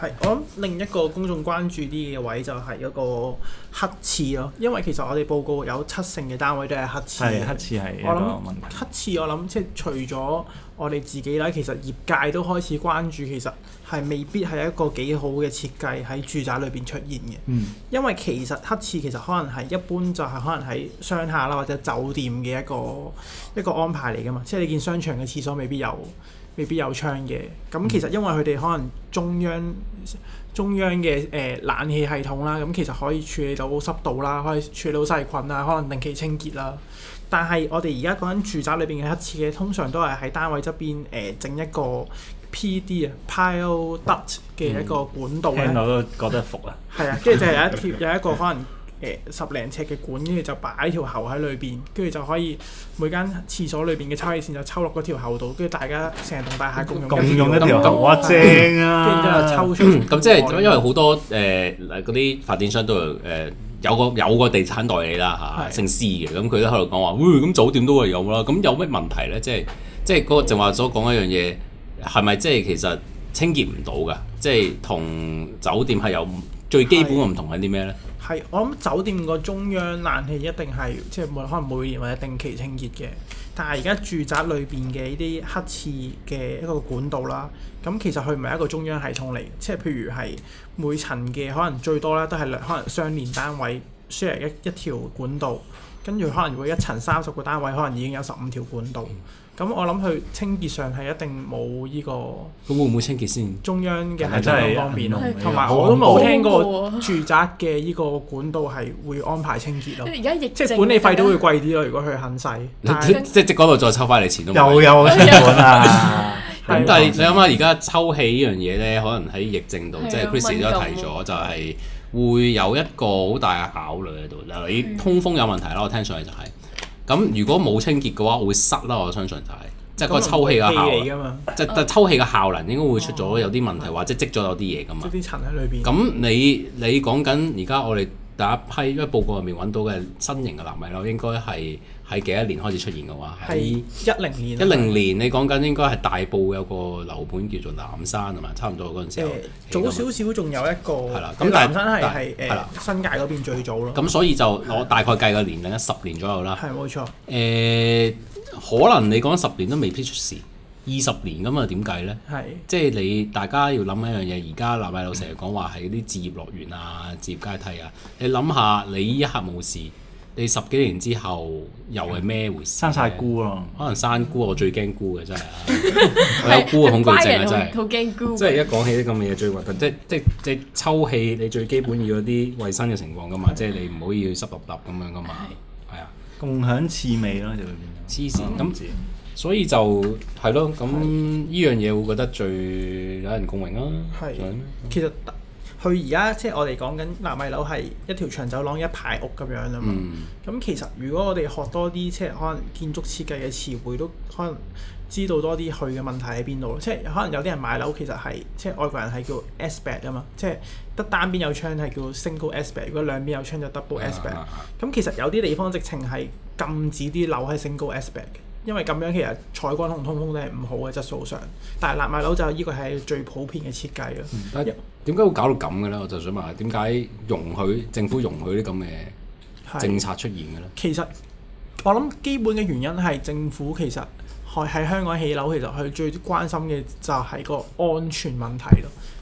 係，我諗另一個公眾關注啲嘅位就係一個黑廁咯。因為其實我哋報告有七成嘅單位都係黑廁嘅。係，黑廁係一個問題。黑廁我諗即係除咗我哋自己啦，其實業界都開始關注，其實係未必係一個幾好嘅設計喺住宅裏邊出現嘅。嗯。因為其實黑廁其實可能係一般就係可能喺商廈啦或者酒店嘅一個一個安排嚟㗎嘛。即係你見商場嘅廁所未必有。未必有窗嘅，咁其實因為佢哋可能中央中央嘅誒、呃、冷氣系統啦，咁、嗯、其實可以處理到濕度啦，可以處理到細菌啊，可能定期清潔啦。但係我哋而家講緊住宅裏邊嘅黑廁嘅，通常都係喺單位側邊誒整一個 P.D. 啊，pile duct 嘅一個管道咧、嗯。聽到都覺得服啦。係啊，跟住就有一貼 有一個可能。誒十零尺嘅管，跟住就擺條喉喺裏邊，跟住就可以每間廁所裏邊嘅抽氣扇就抽落嗰條喉度，跟住大家成棟大廈共共用一條喉，正啊！跟住之後就抽出。咁即係因為好多誒嗰啲發展商都誒有,、呃、有個有個地產代理啦嚇、啊，姓 C 嘅，咁佢是、嗯、都喺度講話，喂，咁酒店都會有啦，咁有咩問題咧？即係即係嗰個正話所講一樣嘢，係咪即係其實清潔唔到噶？即係同酒店係有最基本嘅唔同喺啲咩咧？的係，我諗酒店個中央冷氣一定係即係每可能每年或者定期清潔嘅，但係而家住宅裏邊嘅呢啲黑廁嘅一個管道啦，咁其實佢唔係一個中央系統嚟，即係譬如係每層嘅可能最多咧都係兩可能雙連單位 share 一一條管道，跟住可能會一層三十個單位，可能已經有十五條管道。咁我諗佢清潔上係一定冇呢個，佢會唔會清潔先？中央嘅係真係方便咯，同埋我都冇聽過住宅嘅依個管道係會安排清潔咯。即係而家疫，即係管理費都會貴啲咯。如果佢肯洗，即即嗰度再抽翻你錢都冇。又有啊！但係你諗下，而家抽氣呢樣嘢咧，可能喺疫症度，即係 Chris 都提咗，就係會有一個好大嘅考慮喺度。嗱，你通風有問題咯，我聽上去就係。咁如果冇清潔嘅話，我會塞啦。我相信就係、是，即係個抽氣嘅效能，抽氣嚟㗎嘛。即係抽氣嘅效能應該會出咗有啲問題，哦、或者積咗有啲嘢㗎嘛。啲塵喺裏邊。咁你你講緊而家我哋。第一批因為報告入面揾到嘅新型嘅納米樓，應該係喺幾一年開始出現嘅話，係一零年。一零年你講緊應該係大埔有個樓盤叫做南山同埋，差唔多嗰陣時候、呃。早少少仲有一個。係啦，咁南山但係係啦，新界嗰邊最早咯。咁所以就我大概計個年齡，等間十年左右啦。係冇錯。誒、呃，可能你講十年都未必出事，二十年咁啊，點計咧？係即係你大家要諗一樣嘢，而家嗱，納米佬成日講話係啲置業樂園啊、置業階梯啊，你諗下，你呢一刻冇事，你十幾年之後又係咩回事？生晒菇囉！可能生菇，我最驚菇嘅真係，我有菇嘅恐懼症啊！真係，好驚菇，即係一講起啲咁嘅嘢最核突，即係即係即係抽氣，你最基本要有啲衞生嘅情況噶嘛，即係你唔好要濕立立咁樣噶嘛，係啊，共享刺味咯，就會變到黐線咁所以就係咯，咁呢樣嘢會覺得最有人共鳴啊！係其實佢而家即係我哋講緊納米樓係一條長走廊一排屋咁樣啊嘛。咁其實如果我哋學多啲，即係可能建築設計嘅詞彙都可能知道多啲，佢嘅問題喺邊度咯？即係可能有啲人買樓其實係即係外國人係叫 aspect 啊嘛，即係得單邊有窗係叫 single aspect。如果兩邊有窗就 double aspect。咁其實有啲地方直情係禁止啲樓喺 single aspect 嘅。因為咁樣其實採光同通風都係唔好嘅質素上，但係納米樓就依個係最普遍嘅設計咯、嗯。但係點解會搞到咁嘅呢？我就想問下，點解容許政府容許啲咁嘅政策出現嘅咧？其實我諗基本嘅原因係政府其實喺喺香港起樓，其實佢最關心嘅就係個安全問題咯。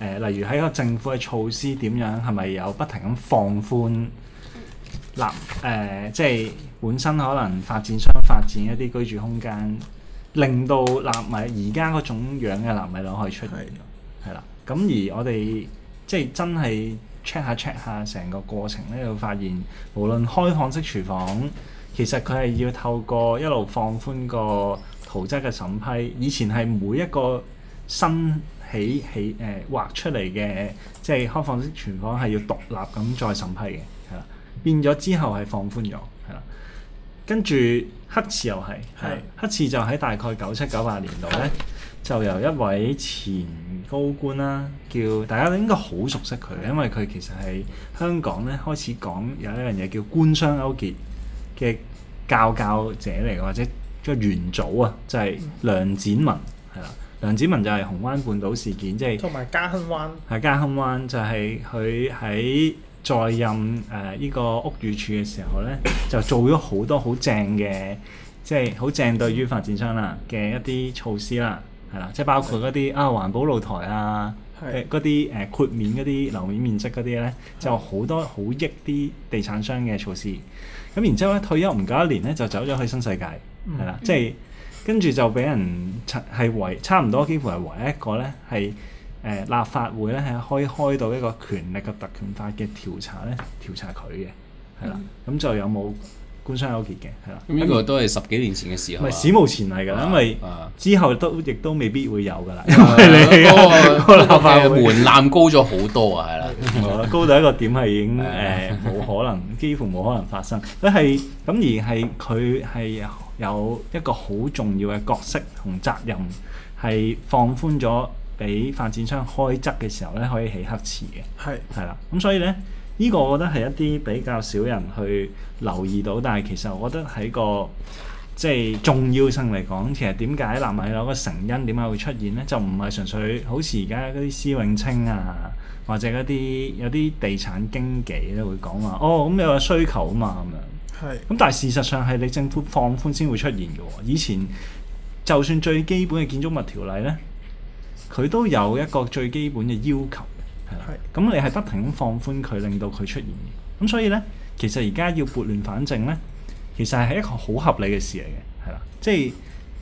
誒、呃，例如喺一個政府嘅措施點樣，係咪有不停咁放寬？納、呃、誒，即係本身可能發展商發展一啲居住空間，令到納米而家嗰種樣嘅納米樓可以出嚟，係啦是的。咁、嗯、而我哋即係真係 check 下 check 下成個過程咧，就發現無論開放式廚房，其實佢係要透過一路放寬個圖則嘅審批，以前係每一個新。起起誒畫、呃、出嚟嘅，即係開放式廚房，係要獨立咁再審批嘅，係啦。變咗之後係放寬咗，係啦。跟住黑廁又係，係是的 黑廁就喺大概九七九八年度咧，是的 就由一位前高官啦、啊，叫大家都應該好熟悉佢，因為佢其實係香港咧開始講有一樣嘢叫官商勾結嘅教教者嚟嘅，或者叫元祖啊，就係、是、梁展文，係啦。梁子文就係紅灣半島事件，即係同埋嘉亨灣，係嘉亨灣就係佢喺在任誒呢、呃這個屋宇署嘅時候咧，就做咗好多好正嘅，即係好正對於發展商啦嘅一啲措施啦，係啦，即係包括嗰啲是的 啊環保露台啊，誒嗰啲誒豁免嗰啲樓面面積嗰啲咧，就好多好益啲地產商嘅措施。咁然之後咧，退休唔夠一年咧，就走咗去新世界，係啦，即係。跟住就畀人係唯差唔多，幾乎係唯一一個咧，係誒、呃、立法會咧，係可以開到一個權力嘅特權法嘅調查咧，調查佢嘅，係啦，咁就有冇官商勾結嘅，係啦。咁呢個都係十幾年前嘅時候。唔、嗯、史無前例㗎，嗯、因為、嗯、之後都亦都未必會有㗎啦。嗯嗯、因為你立法個門檻高咗好多啊，係啦、嗯。高到一個點係已經誒冇可能，幾乎冇可能發生。但係咁而係佢係有一個好重要嘅角色同責任，係放寬咗俾發展商開則嘅時候咧，可以起黑廁嘅。係係啦，咁對 了所以咧。呢個我覺得係一啲比較少人去留意到，但係其實我覺得喺個即係重要性嚟講，其實點解納米樓個成因點解會出現咧？就唔係純粹好似而家嗰啲施永青啊，或者一啲有啲地產經紀咧、啊、會講話哦，咁又話需求啊嘛咁樣。係。咁是但係事實上係你政府放寬先會出現嘅喎、哦。以前就算最基本嘅建築物條例咧，佢都有一個最基本嘅要求。咁、嗯、你係不停咁放寬佢，令到佢出現嘅。咁、嗯、所以咧，其實而家要撥亂反正咧，其實係一個好合理嘅事嚟嘅，係啦。即係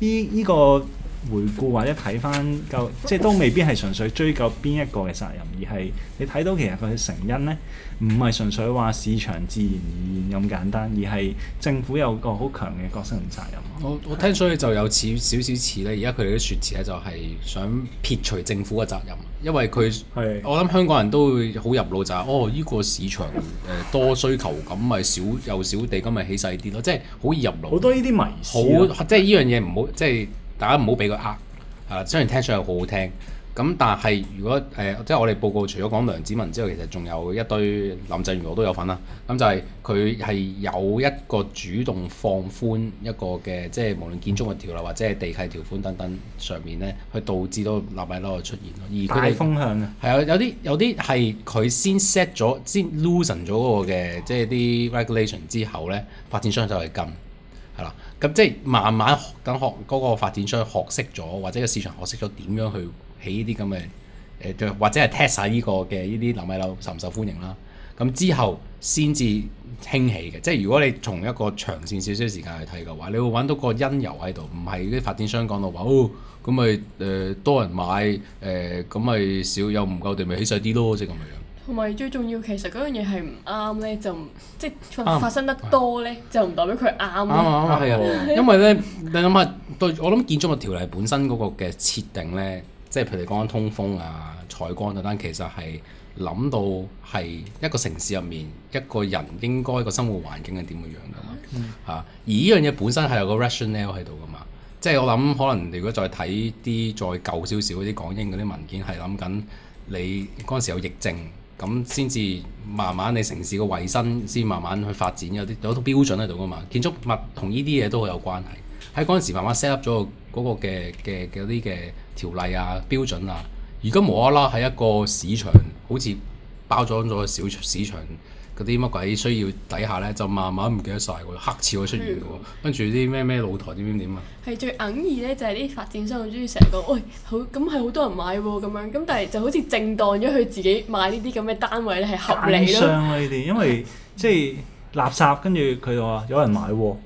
呢呢個。回顧或者睇返，夠即係都未必係純粹追究邊一個嘅責任，而係你睇到其實佢成因咧，唔係純粹話市場自然而然咁簡單，而係政府有個好強嘅角色同責任。我我聽所以就有似少少似咧，而家佢哋嘅説辭咧就係想撇除政府嘅責任，因為佢是的 我諗香港人都會好入腦就係、是、哦，依、這個市場誒、呃、多需求咁咪少又少地咁咪起細啲咯，即係好易入腦。好多呢啲迷思。好，即係依樣嘢唔好即係。就是就是大家唔好俾佢呃，誒雖然聽上去好好聽，咁但係如果誒、呃，即係我哋報告除咗講梁子文之外，其實仲有一堆林鄭月娥都有份啦。咁就係佢係有一個主動放寬一個嘅，即係無論建築物條例或者係地契條款等等上面咧，去導致到納米樓嘅出現咯。而大風向啊，係啊，有啲有啲係佢先 set 咗，先 loosen 咗嗰個嘅，即係啲 regulation 之後咧，發展商就係咁，係啦。咁即係慢慢學等學嗰、嗰個發展商學識咗，或者個市場學識咗點樣去起呢啲咁嘅誒，或者係 test 曬呢個嘅呢啲納米樓受唔受歡迎啦。咁之後先至興起嘅。即係如果你從一個長線少少時間去睇嘅話，你會揾到個因由喺度。唔係啲發展商講到話，哦咁咪誒多人買誒咁咪少，又、呃、唔夠地咪起細啲咯，即係咁嘅樣。同埋最重要，其實嗰樣嘢係唔啱咧，就唔即係發生得多咧，啊、就唔代表佢啱咯。啱啊，啊，因為咧，你諗下對我諗建築物條例本身嗰個嘅設定咧，即係譬如講緊通風啊、採光等等，其實係諗到係一個城市入面一個人應該個生活環境係點嘅樣噶嘛嚇、啊嗯啊。而呢樣嘢本身係有個 rationale 喺度噶嘛，即係我諗可能如果再睇啲再舊少少嗰啲港英嗰啲文件，係諗緊你嗰陣時有疫症。咁先至慢慢你城市嘅衞生先慢慢去發展，有啲有套標準喺度㗎嘛，建築物同呢啲嘢都好有關係。喺嗰陣時慢慢 set up 咗嗰個嘅嘅嘅啲嘅條例啊標準啊，而家無啦啦喺一個市場好似包裝咗個小市場。嗰啲乜鬼需要底下咧，就慢慢唔記得晒喎，黑潮出現喎，跟住啲咩咩露台點點點啊！係最隱喻咧，就係啲發展商好中意成日講，喂好咁係好多人買喎咁樣，咁但係就好似正當咗佢自己買呢啲咁嘅單位咧係合理咯。貪商呢啲，因為的即係垃圾，跟住佢就話有人買喎。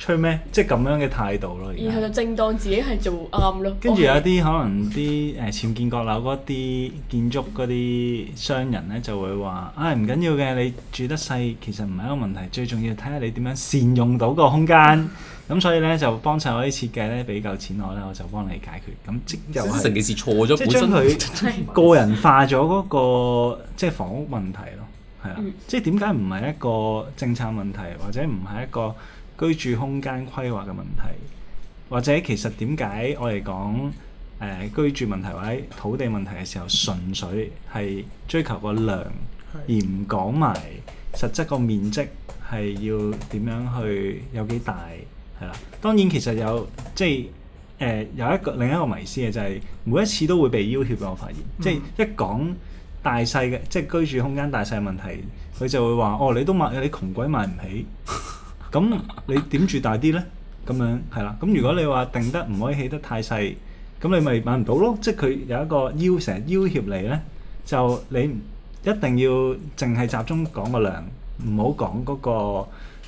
吹咩？即係咁樣嘅態度咯，然後就正當自己係做啱咯。跟住有啲可能啲誒，僭建閣樓嗰啲建築嗰啲商人咧，就會話：唉、哎，唔緊要嘅，你住得細其實唔係一個問題，最重要睇下你點樣善用到個空間。咁、嗯、所以咧就幫襯我啲設計咧，俾夠錢我啦，我就幫你解決。咁即又即成件事錯咗，即將佢個人化咗嗰、那個即係是的 房屋問題咯。係啊，嗯、即係點解唔係一個政策問題，或者唔係一個？居住空間規劃嘅問題，或者其實點解我哋講誒、呃、居住問題或者土地問題嘅時候，純粹係追求個量，的而唔講埋實質個面積係要點樣去有幾大係啦。當然其實有即係誒、呃、有一個另一個迷思嘅就係每一次都會被要挾嘅，我發現、嗯、即係一講大細嘅即係居住空間大細問題，佢就會話：哦，你都買，你窮鬼買唔起。 咁你點住大啲咧？咁樣係啦。咁如果你話定得唔可以起得太細，咁你咪買唔到咯。即係佢有一個要成日要挾你咧，就你一定要淨係集中講個量，唔好講嗰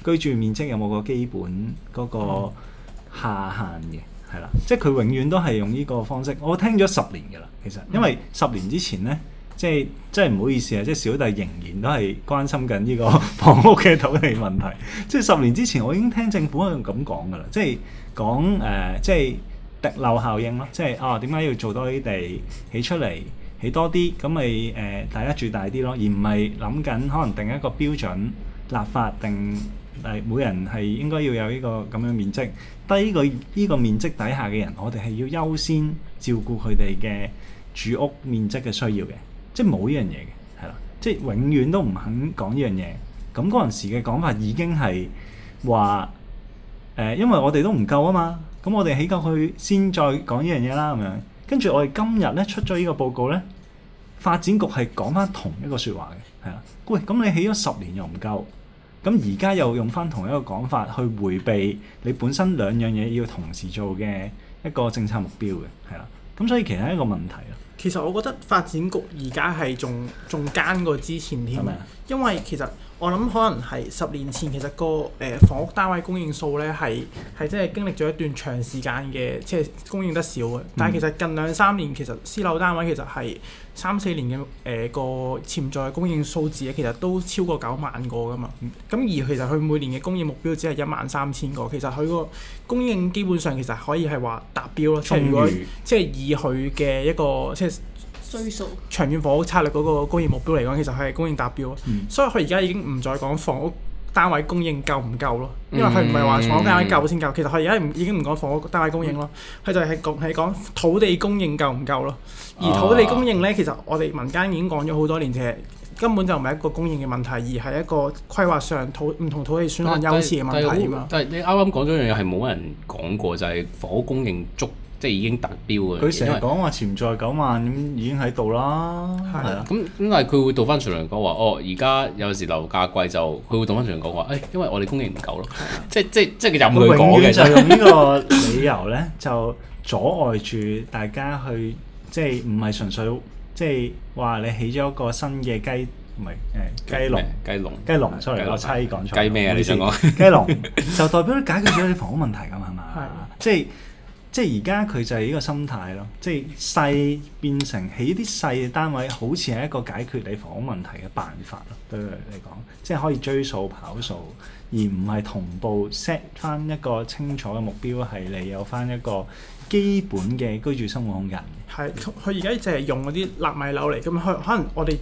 個居住面積有冇個基本嗰個下限嘅係啦。即係佢永遠都係用呢個方式。我聽咗十年㗎啦，其實因為十年之前咧。即係即係唔好意思啊！即係小弟仍然都係關心緊呢個房屋嘅土地問題。即係十年之前，我已經聽政府係咁講㗎啦。即係講誒、呃，即係滴漏效應咯。即係啊，點、哦、解要做多啲地起出嚟，起多啲咁咪誒大家住大啲咯？而唔係諗緊可能定一個標準立法，定誒每人係應該要有呢個咁樣面積。低、呢個呢、呢個面積底下嘅人，我哋係要優先照顧佢哋嘅住屋面積嘅需要嘅。即係冇呢樣嘢嘅，係啦，即係永遠都唔肯講呢樣嘢。咁嗰陣時嘅講法已經係話，誒、呃，因為我哋都唔夠啊嘛。咁我哋起夠去先再，再講呢樣嘢啦，咁樣。跟住我哋今日咧出咗呢個報告咧，發展局係講翻同一個説話嘅，係啦。喂，咁你起咗十年又唔夠，咁而家又用翻同一個講法去迴避你本身兩樣嘢要同時做嘅一個政策目標嘅，係啦。咁所以其實一個問題啦。其實我覺得發展局而家係仲仲奸過之前添，係咪因為其實。我諗可能係十年前，其實個誒房屋單位供應數咧係係真係經歷咗一段長時間嘅即係供應得少嘅，但係其實近兩三年，其實私樓單位其實係三四年嘅誒個潛在供應數字咧其實都超過九萬個㗎嘛。咁而其實佢每年嘅供應目標只係一萬三千個，其實佢個供應基本上其實可以係話達標咯於。即係如果即係以佢嘅一個即係。數長遠房屋策略嗰個供應目標嚟講，其實係供應達標，嗯、所以佢而家已經唔再講房屋單位供應夠唔夠咯，因為佢唔係話房屋單位夠先夠，嗯、其實佢而家已經唔講房屋單位供應咯，佢、嗯、就係講係講土地供應夠唔夠咯。而土地供應呢，其實我哋民間已經講咗好多年，其實根本就唔係一個供應嘅問題，而係一個規劃上土唔同土地選項優次嘅問題，但係你啱啱講咗一樣嘢係冇人講過，就係、係、房屋供應足。即係已經達標嘅。佢成日講話潛在九萬咁，已經喺度啦。係啊。咁咁，但係佢會倒翻出嚟講話，哦，而家有時樓價貴就，佢會倒翻出嚟講話，誒，因為我哋供應唔夠咯。係啊。即即即佢又唔會講嘅。就用呢個理由咧，就阻礙住大家去，即係唔係純粹，即係話你起咗一個新嘅雞唔係誒雞籠雞籠雞籠 sorry 我猜講錯。雞咩啊？你想講雞籠就代表解決咗你房屋問題㗎嘛？係嘛？係即係。即係而家佢就係呢個心態咯，即係細變成起啲細單位，好似係一個解決你房屋問題嘅辦法咯。對佢嚟講， 即係可以追數跑數，而唔係同步 set 翻一個清楚嘅目標，係你有翻一個基本嘅居住生活空間。係佢而家淨係用嗰啲納米樓嚟咁，佢可能我哋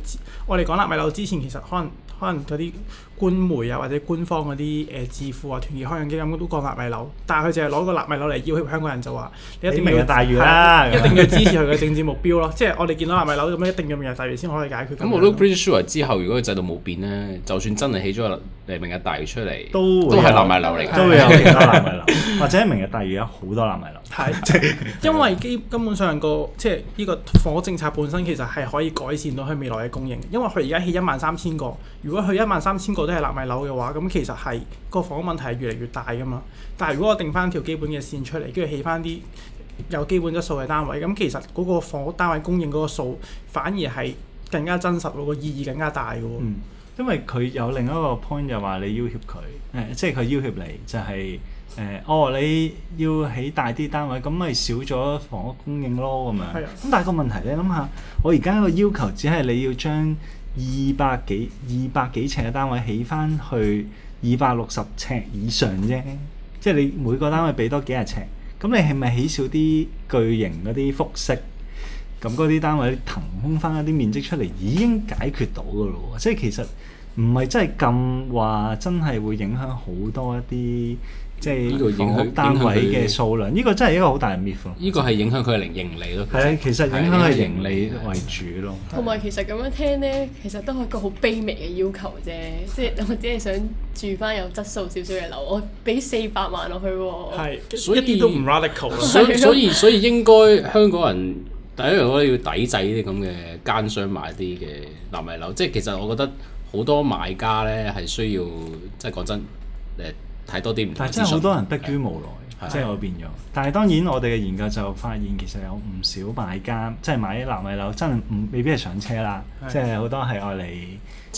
我哋講納米樓之前，其實可能可能嗰啲。官媒啊，或者官方嗰啲誒智庫啊、團結香港基金都降納米樓，但係佢就係攞個納米樓嚟要挾香港人就話，你一定要，一定要支持佢嘅政治目標咯。即係我哋見到納米樓咁樣一定要明日大嶼先可以解決。咁我諗 b r e 之後如果個制度冇變咧，就算真係起咗黎明日大嶼出嚟，都都係納米樓嚟，都會有其他納米樓，或者明日大嶼有好多納米樓。因為基根本上個即係呢個房屋政策本身其實係可以改善到佢未來嘅供應，因為佢而家起一萬三千個，如果佢一萬三千個。都係納米樓嘅話，咁其實係，個房屋問題係越嚟越大噶嘛。但係如果我定翻條基本嘅線出嚟，跟住起翻啲有基本質素嘅單位，咁其實嗰個房屋單位供應嗰個數反而係更加真實，個意義更加大嘅。嗯，因為佢有另一個 point 就話，是，你要協佢，誒、呃，即係佢要協你，就係、是、誒、呃，哦，你要起大啲單位，咁咪少咗房屋供應咯，咁樣的。係啊。咁但係個問題你諗下，我而家個要求只係你要將二百幾二百幾尺嘅單位起翻去二百六十尺以上啫，即係你每個單位俾多幾廿呎，咁你係咪起少啲巨型嗰啲複式？咁嗰啲單位騰空翻一啲面積出嚟，已經解決到㗎啦喎！即係其實唔係真係咁話，真係會影響好多一啲。即係呢個影響單位嘅數量，呢個真係一個好大嘅 miss 呢個係影響佢嘅盈利咯。係啊的，其實影響佢盈利為主咯。同埋的其實咁樣聽咧，其實都係一個好卑微嘅要求啫。即係我只係想住翻有質素少少嘅樓，我俾四百萬落去喎。係，一啲都唔 radical。所以，所以，所以，所以應該香港人第一樣我要抵制啲咁嘅奸商買啲嘅納米樓。即係其實我覺得好多買家咧係需要，即係講真誒。睇多啲唔同資訊，但係真係好多人迫於無奈，的即係我變咗。但係當然我哋嘅研究就發現，其實有唔少買家即係、就是、買啲納米樓真，真係未必係上車啦。的即係好多係愛嚟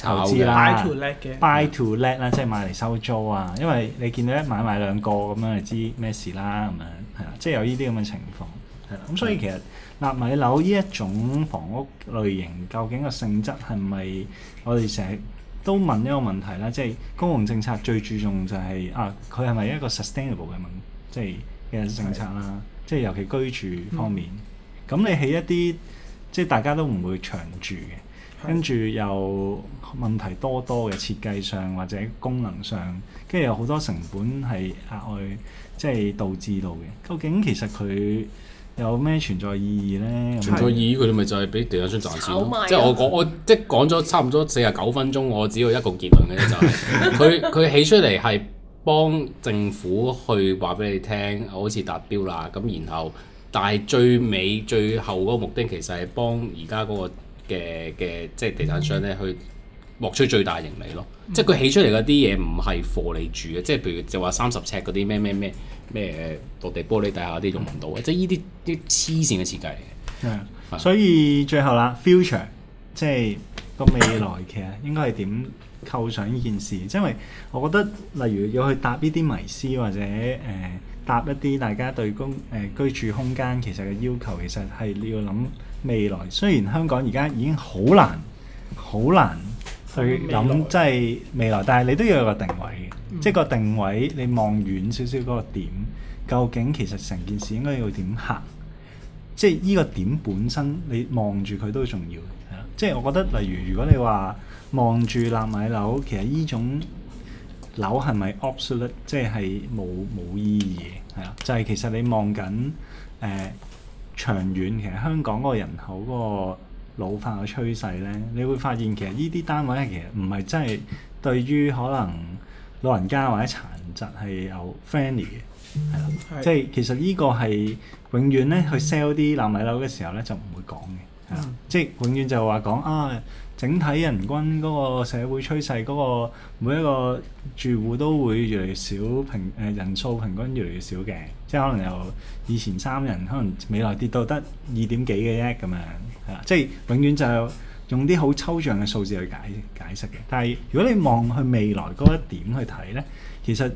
投資啦、啊、buy to let 嘅，buy to let 啦，的即係買嚟收租啊。因為你見到一買買兩個咁樣，你知咩事啦咁啊，係啊，即係有呢啲咁嘅情況。係啦的，咁所以其實納米樓呢一種房屋類型，究竟個性質係咪我哋成日都問一個問題啦，即係公共政策最注重就係、是、啊，佢係咪一個 sustainable 嘅問，即係嘅政策啦，即係、嗯、尤其居住方面。咁、嗯、你起一啲即係大家都唔會長住嘅，嗯、跟住又問題多多嘅設計上或者功能上，跟住有好多成本係額外即係導致到嘅。究竟其實佢？有咩存在意義呢？存在意義佢哋咪就係俾地產商賺錢、oh、my 即係我講，我即係講咗差唔多四十九分鐘，我只要一個結論嘅啫、就係。佢佢 起出嚟係幫政府去話俾你聽，好似達標啦。咁然後，但係最尾最後嗰個目的其實係幫而家嗰個嘅嘅，即係地產商咧去。獲取最大盈利咯，即係佢起出嚟嗰啲嘢唔係貨你住嘅，即係譬如就話三十尺嗰啲咩咩咩咩落地玻璃底下嗰啲用唔到啊！嗯、即係呢啲啲黐線嘅設計嚟嘅。嗯嗯、所以最後啦，future 即係個未來其實應該係點構想呢件事？因為我覺得例如要去搭呢啲迷思或者誒搭、呃、一啲大家對公誒、呃、居住空間其實嘅要求，其實係你要諗未來。雖然香港而家已經好難，好難。所以諗即係未來，但係你都要有個定位嘅，即係個定位。你望遠少少嗰個點，究竟其實成件事應該要點行？即係依個點本身，你望住佢都重要嘅，係咯。即係我覺得，例如如果你話望住納米樓，其實依種樓係咪 obsolete？即係冇冇意義嘅，係咯。就係、是、其實你望緊誒長遠，其實香港個人口、嗰個。老化嘅趨勢咧，你會發現其實呢啲單位咧，其實唔係真係對於可能老人家或者殘疾係有 friendly 嘅，係啦，是即係其實個呢個係永遠咧去 sell 啲納米樓嘅時候咧就唔會講嘅，係啦，嗯、即係永遠就話講啊，整體人均嗰個社會趨勢嗰個每一個住戶都會越嚟越少平誒、呃、人數平均越嚟越少嘅。即係可能由以前三人，可能未來跌到得二點幾嘅啫咁樣，係啊！即係永遠就用啲好抽象嘅數字去解釋解釋嘅。但係如果你望去未來嗰一點去睇咧，其實呢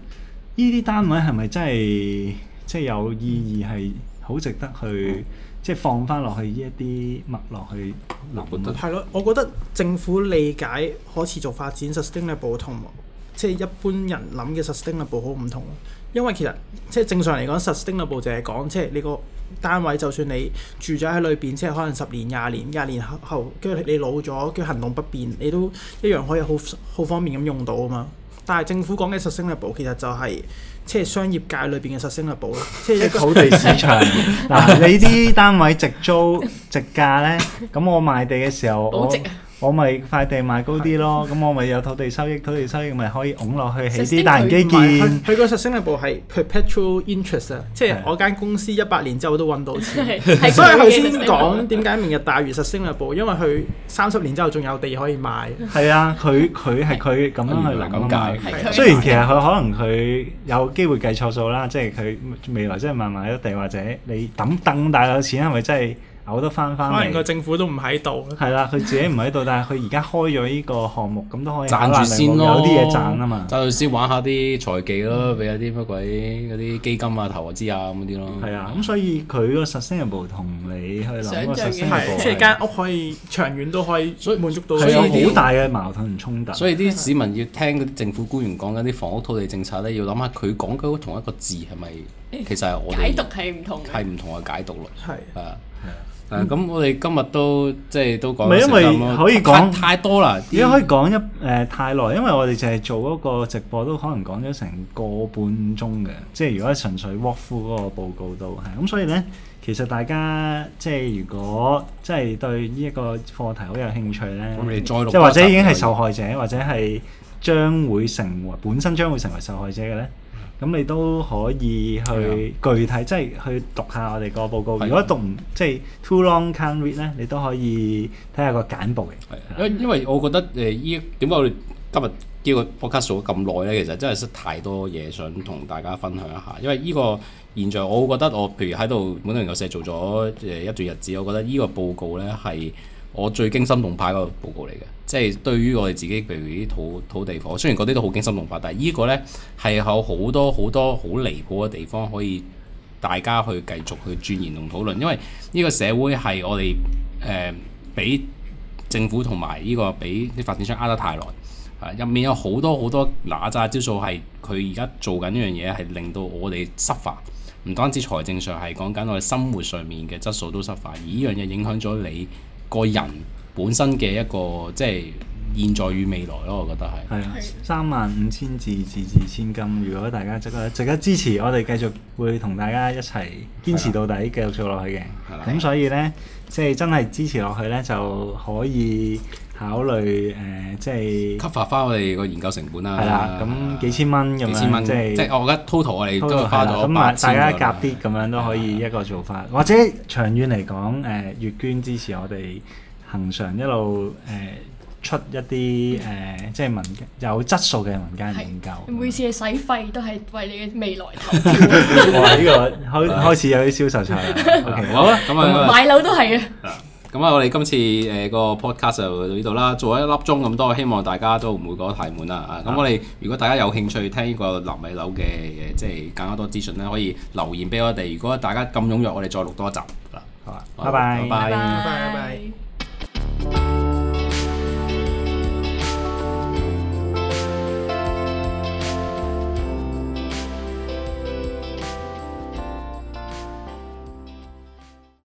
啲單位係咪真係即係有意義係好值得去，嗯、即係放翻落去呢一啲物落去立本都係咯。我覺得政府理解可持續發展、sustainable 同，即係一般人諗嘅 sustainable 好唔同，因為其實即係正常嚟講，實升率保就係講即係你個單位，就算你住咗喺裏邊，即係可能十年、廿年、廿年後後，跟住你老咗，跟住行動不便，你都一樣可以好好方便咁用到啊嘛。但係政府講嘅實升率保，其實就係即係商業界裏邊嘅實升率保，即係一個土地市場嗱， 你啲單位直租直價呢，咁我賣地嘅時候。我咪塊地賣高啲咯，咁我咪有土地收益，土地收益咪可以拱落去起啲大基建。佢個實升力部係 perpetual interest 啊，即係我間公司一百年之後都揾到錢。所以頭先講點解明日大嶼實升力部，因為佢三十年之後仲有地可以賣。係啊，佢佢係佢咁樣去諗啊嘛。雖然其實佢可能佢有機會計錯數啦，即係佢未來即係賣賣啲地，或者你等等大有錢，係咪真係？有得翻翻嚟，可能個政府都唔喺度。係啦，佢自己唔喺度，但係佢而家開咗呢個項目，咁都可以賺住先咯。有啲嘢賺啊嘛，賺住先玩下啲財技咯，俾一啲乜鬼啲基金啊、投資啊咁啲咯。係啊，咁所以佢個 sustainable 同你係啦，個 sustainable 係間屋可以長遠都可以，所以滿足到，佢有好大嘅矛盾同衝突。所以啲市民要聽嗰啲政府官員講緊啲房屋土地政策咧，要諗下佢講緊同一個字係咪？其實係我哋解讀係唔同，係唔同嘅解讀咯。係啊。誒咁，嗯啊、我哋今日都即係都講唔到，唔係因為可以講太多啦，而家、嗯、可以講一誒、呃、太耐，因為我哋淨係做嗰個直播都可能講咗成個半鐘嘅，即係如果純粹 walk through 嗰個報告都係，咁所以咧，其實大家即係如果即係對呢一個課題好有興趣咧，咁你再即係或者已經係受害者，或者係將會成為本身將會成為受害者嘅咧。咁你都可以去具體，的即係去讀下我哋個報告。的如果讀唔即係 too long can read 咧，你都可以睇下個簡報。係，因為我覺得誒依點解我哋今日呢個 podcast 做咗咁耐咧，其實真係失太多嘢想同大家分享一下。因為呢個現象，我覺得我譬如喺度本東人壽本土研究社做咗誒一段日子，我覺得呢個報告咧係。我最驚心動魄嗰個報告嚟嘅，即係對於我哋自己，譬如啲土土地房，雖然嗰啲都好驚心動魄，但係呢個呢係有好多好多好離譜嘅地方可以大家去繼續去鑽研同討論。因為呢個社會係我哋誒俾政府同埋呢個俾啲發展商呃得太耐，入、啊、面有好多好多嗱喳招數係佢而家做緊一樣嘢，係令到我哋失法。唔單止財政上係講緊，我哋生活上面嘅質素都失法，而依樣嘢影響咗你。個人本身嘅一個即係現在與未來咯，我覺得係。係啊，三萬五千字，字字千金。如果大家值得值得支持，我哋繼續會同大家一齊堅持到底，繼續做落去嘅。咁、啊啊、所以呢，即係真係支持落去呢，就可以。考慮誒，即係 cover 翻我哋個研究成本啦。係啦，咁幾千蚊咁樣，即係即係我覺得 total 我哋都係花咗八千。咁啊，大家夾啲咁樣都可以一個做法，或者長遠嚟講誒，月捐支持我哋恆常一路誒出一啲誒，即係民間有質素嘅民間研究。每次嘅使費都係為你嘅未來投資。哇！呢個開開始有啲銷售策略。OK，好啊，咁啊，買樓都係啊。咁啊，我哋今次誒個 podcast 就到呢度啦，做咗一粒鐘咁多，希望大家都唔會覺得太悶啦啊！咁我哋如果大家有興趣聽呢個納米樓嘅、呃，即係更加多資訊咧，可以留言俾我哋。如果大家咁踴躍，我哋再錄多一集啦，好嘛？拜拜拜拜拜拜。